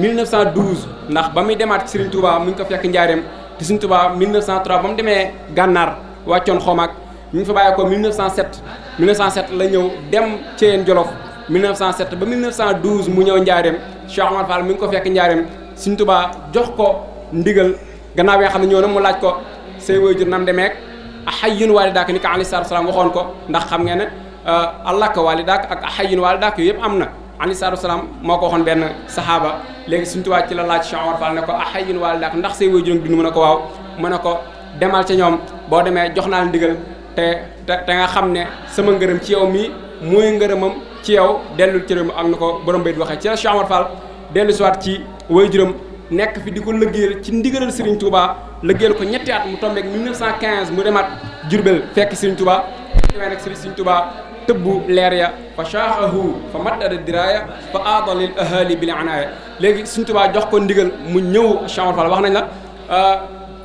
1912 euh, ndax ba muy demaat Serigne Touba mu ngi ko fekk njaareem te Serigne Touba 1903 ba mu demee gànnaar wàccoon xomaak mi ngi fa bàyyeekoo 1907 1907 la ñëw dem Thièyeen Jolof 1907 ba 1912 mu ñëw njaareem Cheikh Omar Fall mi ngi ko fekk njaareem Serigne Touba jox ko. ndigal gannaaw bi nga xam ne ñëw na mu laaj ko say waajur nam demeek axayin waalidaak ni ko alayhi salaatu salaam waxoon ko ndax xam ngeen ne euh, allaka waalidaak ak axayin waalidaak yooyu yëpp am na alayhi salaatu salaam moo ko waxoon benn saxaaba léegi suñu tubaab ci la laaj Cheikh Omar Fall ne ko axayin waalidaak ndax say waajur nag dund mu ne ko waaw mu ne ko demal ca ñoom boo demee jox naa ndigal te te nga xam ne sama ngërëm ci yow mii muy ngërëmam ci yow dellul ci réew mi ak na ko borom bayit waxee ci la Cheikh Omar dellu siwaat ci waajuram nekk fi di ko lëggéeyal ci ndigalal Serigne Touba lëggéeyal ko ñetti at mu tombeeg 1915 mu demaat Jurbel fekk Serigne Touba demee nag Serigne Touba tëbbu leer ya fa shaahahu fa maddada diraaya fa aada lil ahali bil anaaya léegi Serigne Touba jox ko ndigal mu ñëw Chambre Fall wax nañ la euh,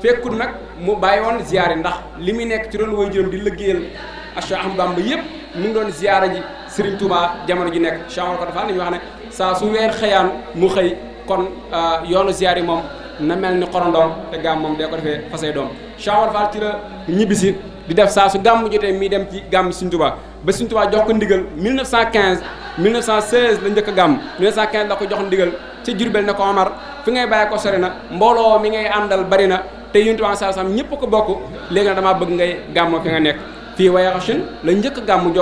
fekkul nag mu bàyyi woon ziyaare ndax li muy nekk ci loolu way juróom di lëggéeyal Cheikh am Bamba yëpp mu ngi doon ziyaara ji Serigne Touba jamono ji nekk Chambre Fall dafa nañu wax ne saa su weer xëyaan mu xëy kon euh, yoonu ziar yi moom na mel ni xorondoom te gàmm moom de ko defee fasay doom Cheikh Fall ci la ñibbisi di def saa su gàmm jotee mii dem ci gàmm Sëriñ Tuubaa ba Sëriñ Tuubaa jox ko ndigal 1915 1916 la njëkk gàmm 1915 la ko jox ndigal ca Jurbel ne ko Omar fi ngay bàyyi ko sori na mbooloo mi ngay àndal bari na te Yonent bi saa sam ñëpp ko bokk léegi nag damaa bëgg ngay gàmmoo fi nga nekk fii Wayakhin la njëkk a gàmm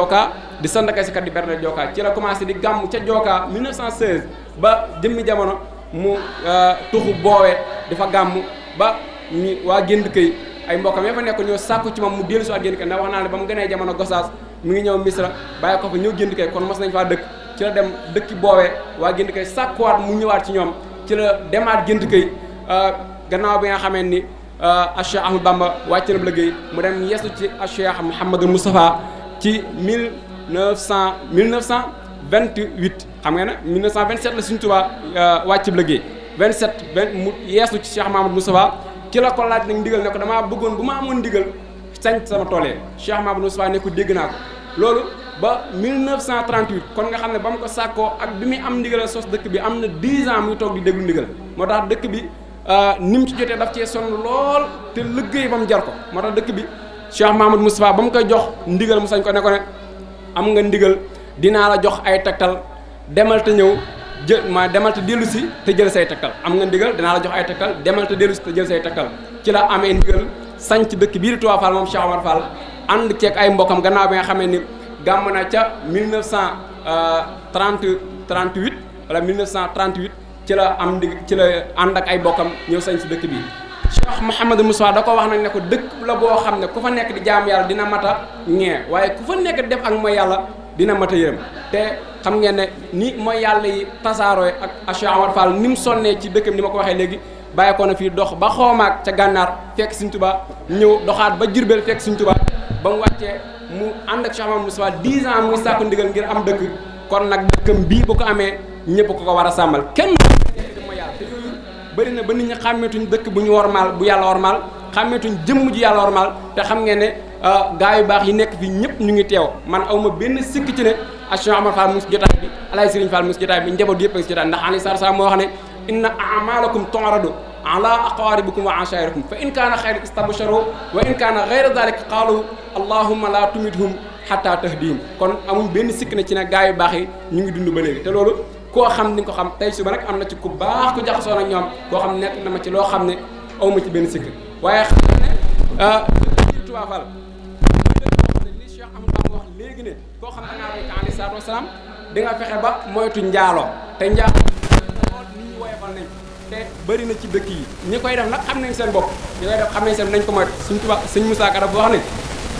di sant kay si kat di bernde Jookaa ci la commencé di gàmm ca Jookaa 1916 ba jëmmi jamono mu euh, tuxu boowee dafa gàmm ba ñu waa génd këy ay mbokkam ya fa nekk ñoo sàkku ci moom mu dellu si waa génd këy ndax wax naa ne ba mu gënee jamono gosaas mi ngi ñëw misra bàyyi ko fa ñëw génd këy kon mos nañ faa dëkk ci la dem dëkki boowee waa génd këy sàkkuwaat mu ñëwaat ci ñoom ci la demaat génd këy euh, gannaaw bi nga xamee ni euh, Cheikh Ahmadou Bamba wàcc na liggéey mu dem yesu ci Cheikh Mouhamadou Moustapha ci mille neuf cent mille neuf cent vingt xam nga ne 1927 la Sëriñ Tuubaa euh, wàcc bu liggéey 27 20 mu yeesu ci Cheikh Mamadou Moustapha ci la ko laaj nag ndigal ne ko damaa bëggoon bu ma amoon ndigal sañ sama toolee Cheikh Mamadou Moustapha ne ko dégg naa ko loolu ba 1938 kon nga xam ne ba mu ko sàkkoo ak bi muy am ndigal sos dëkk bi am na 10 ans muy toog di déglu ndigal moo tax dëkk bi euh, ni mu ci jotee daf cee sonn lool te liggéey ba mu jar ko moo dëkk bi Cheikh Mamadou Moustapha ba mu koy jox ndigal mu sañ ko ne ko am nga ndigal dinaa la jox ay tegtal demal te ñëw jë maa demal te dellu si te jël say takkal am nga ndigal danaa la jox ay takkal demal te dellu si te jël say takkal ci la amee ndigal sañ ci dëkk bii di Touba Fall moom Cheikh Omar Fall ànd ceeg ay mbokkam gannaaw bi nga xamee ni gàmm na ca 1930 38 euh, wala 1938 ci la am ndig ci la ànd ak ay bokkam ñëw sañ si dëkk bii Cheikh Mouhamadou Moussa da ko wax nag ne ko dëkk la boo xam ne ku fa nekk di jaam yàlla dina mata ñee waaye ku fa nekk def ak mooy yàlla dina mat a te xam ngeen ne ni mooy yàlla yi tasaaroo ak Cheikh Amar ni mu sonnee ci dëkkam ni ma ko waxee léegi bàyyi ko na fii dox ba xoomaak ca gànnaar fekk Sëriñ Tuubaa ñëw doxaat ba Jurbel fekk Sëriñ Tuubaa ba ba mu wàccee mu ànd ak Cheikh Mamadou Moustapha 10 ans muy sàkku ndigal ngir am dëkk kon nag dëkkam bii bu ko amee ñëpp ko ko war a sàmmal kenn mooy na ba nit ñi xàmmeetuñ dëkk bu ñu wormaal bu yàlla wormaal xàmmeetuñ jëmm ji yàlla normal te xam ngeen ne euh, gaa yu baax yi nekk fi ñëpp ñu ngi teew man awma benn sikk ci ne Cheikh Omar Fall mu ngi si jotaay bi alaay Serigne Fall mu ngi si jotaay bi njaboot yëpp a ngi si jotaay ndax alai sar sa moo wax ne inna amalakum tu'radu ala aqaribikum wa ashairakum fa in kaana xayran istabsharu wa in kaana xayra dalik qaalu kon amuñ benn sikk na ci ne yu baax yi ñu ngi dund ba léegi te loolu koo xam ni nga ko xam tey suba am na ci ku baax ku jaxasoo a ñoom koo xam nekk na ma ci loo xam ne awma ci benn sikk waaye xam nga ne ah léegi ne koo xam ne naa ko di nga fexe ba moytu njaaloo te njaaloo lool nit ñi na ci dëkk yi ñi koy def nag xam nañ seen bopp ñi koy def xam nañ seen nañ ko moytu suñ Touba sëñ Moussa Ka dafa wax ne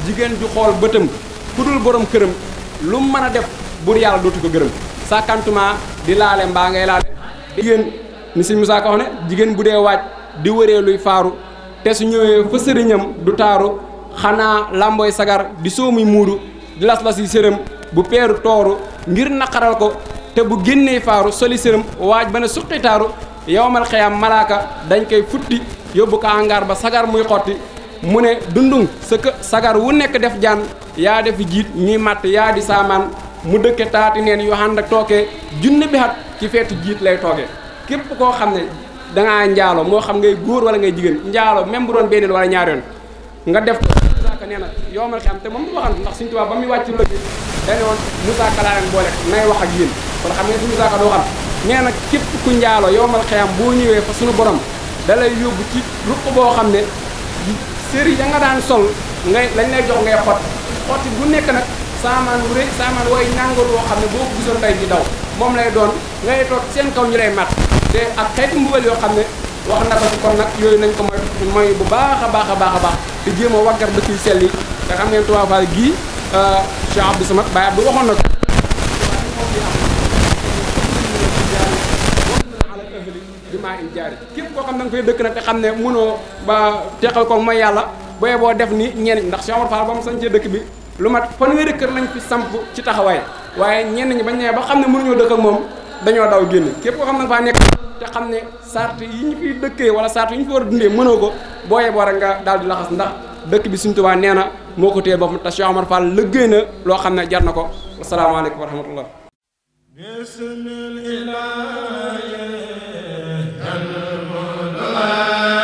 jigéen ju xool bëtam ku dul borom këram lu mu mën a def buur yàlla dootu ko gërëm sàkkantuma di laale mbaa ngay laale jigéen ni sëñ Moussa wax ne jigéen bu dee waaj di wëree luy faaru te su ñëwee fa sëriñam du taaru xanaa làmbooy sagar di soomuy muudu di las-las yi sërëm bu peeru tooru ngir naqaral ko te bu génnee faaru soli sërëm waaj ba ne suqi taaru yowmal xeyam malaaka dañ koy futti yóbbu ko angaar ba sagar muy xotti mu ne dundung sa kë sagar wu nekk def jaan yaa def jiit ñuy matt yaa di saamaan mu dëkke taati neen yu ànd ak tooge junne bi xat ci feetu jiit lay tooge képp koo xam ne dangaa njaalo moo xam ngay góor wala ngay jigéen njaalo même bu doon benn ñaar yoon nga def ko Musaa nee na yoomal xam te moom du waxan ndax Sëriñ Tuubaa ba muy wàcc lëg dane woon Musaa Ka laa leen boole nay wax ak yéen kon xam nga si Musaa Ka doo xam nee na képp ku njaalo yoomal xiyam boo ñëwee fa suñu borom da lay yóbbu ci ruq boo xam ne séri ya nga daan sol ngay lañ lay jox ngay xot xotti bu nekk nag saamaan bu rëy saamaan way nangoor woo xam ne boo ko gisoon tey di daw moom lay doon ngay toog seen kaw ñu lay mat te ak xeeti mbugal yoo xam ne wax na ko ci kon nag yooyu nañ ko moy mooy bu baax a baax baax a baax te a waggar dëkk yu sell yi nga xam ngeen Touba Fall gii euh, Cheikh Abdou Samad Baye Abdou waxoon na ko maa in jaari képp koo xam ne da nga dëkk nag te xam ne mënoo ba teqal ko mooy yàlla booyee boo def ni ñenn ndax Cheikh Omar Fall ba mu sañcee dëkk bi lu mat fanweeri kër lañ fi samp ci taxawaay waaye ñenn ñi bañ nee ba xam ne mënuñoo dëkk ak moom dañoo daw génn képp koo xam ne faa nekk te xam ne sart yi ñu fiy dëkkee wala sart yi ñu fi war a dundee mënoo ko booyee boo rek nga daal di laxas ndax dëkk bi suñ tubaa nee na moo ko téye boppam te Cheikh Omar Fall lëggéey na loo xam ne jar na ko wasalaamaaleykum wa rahmatullah bismillah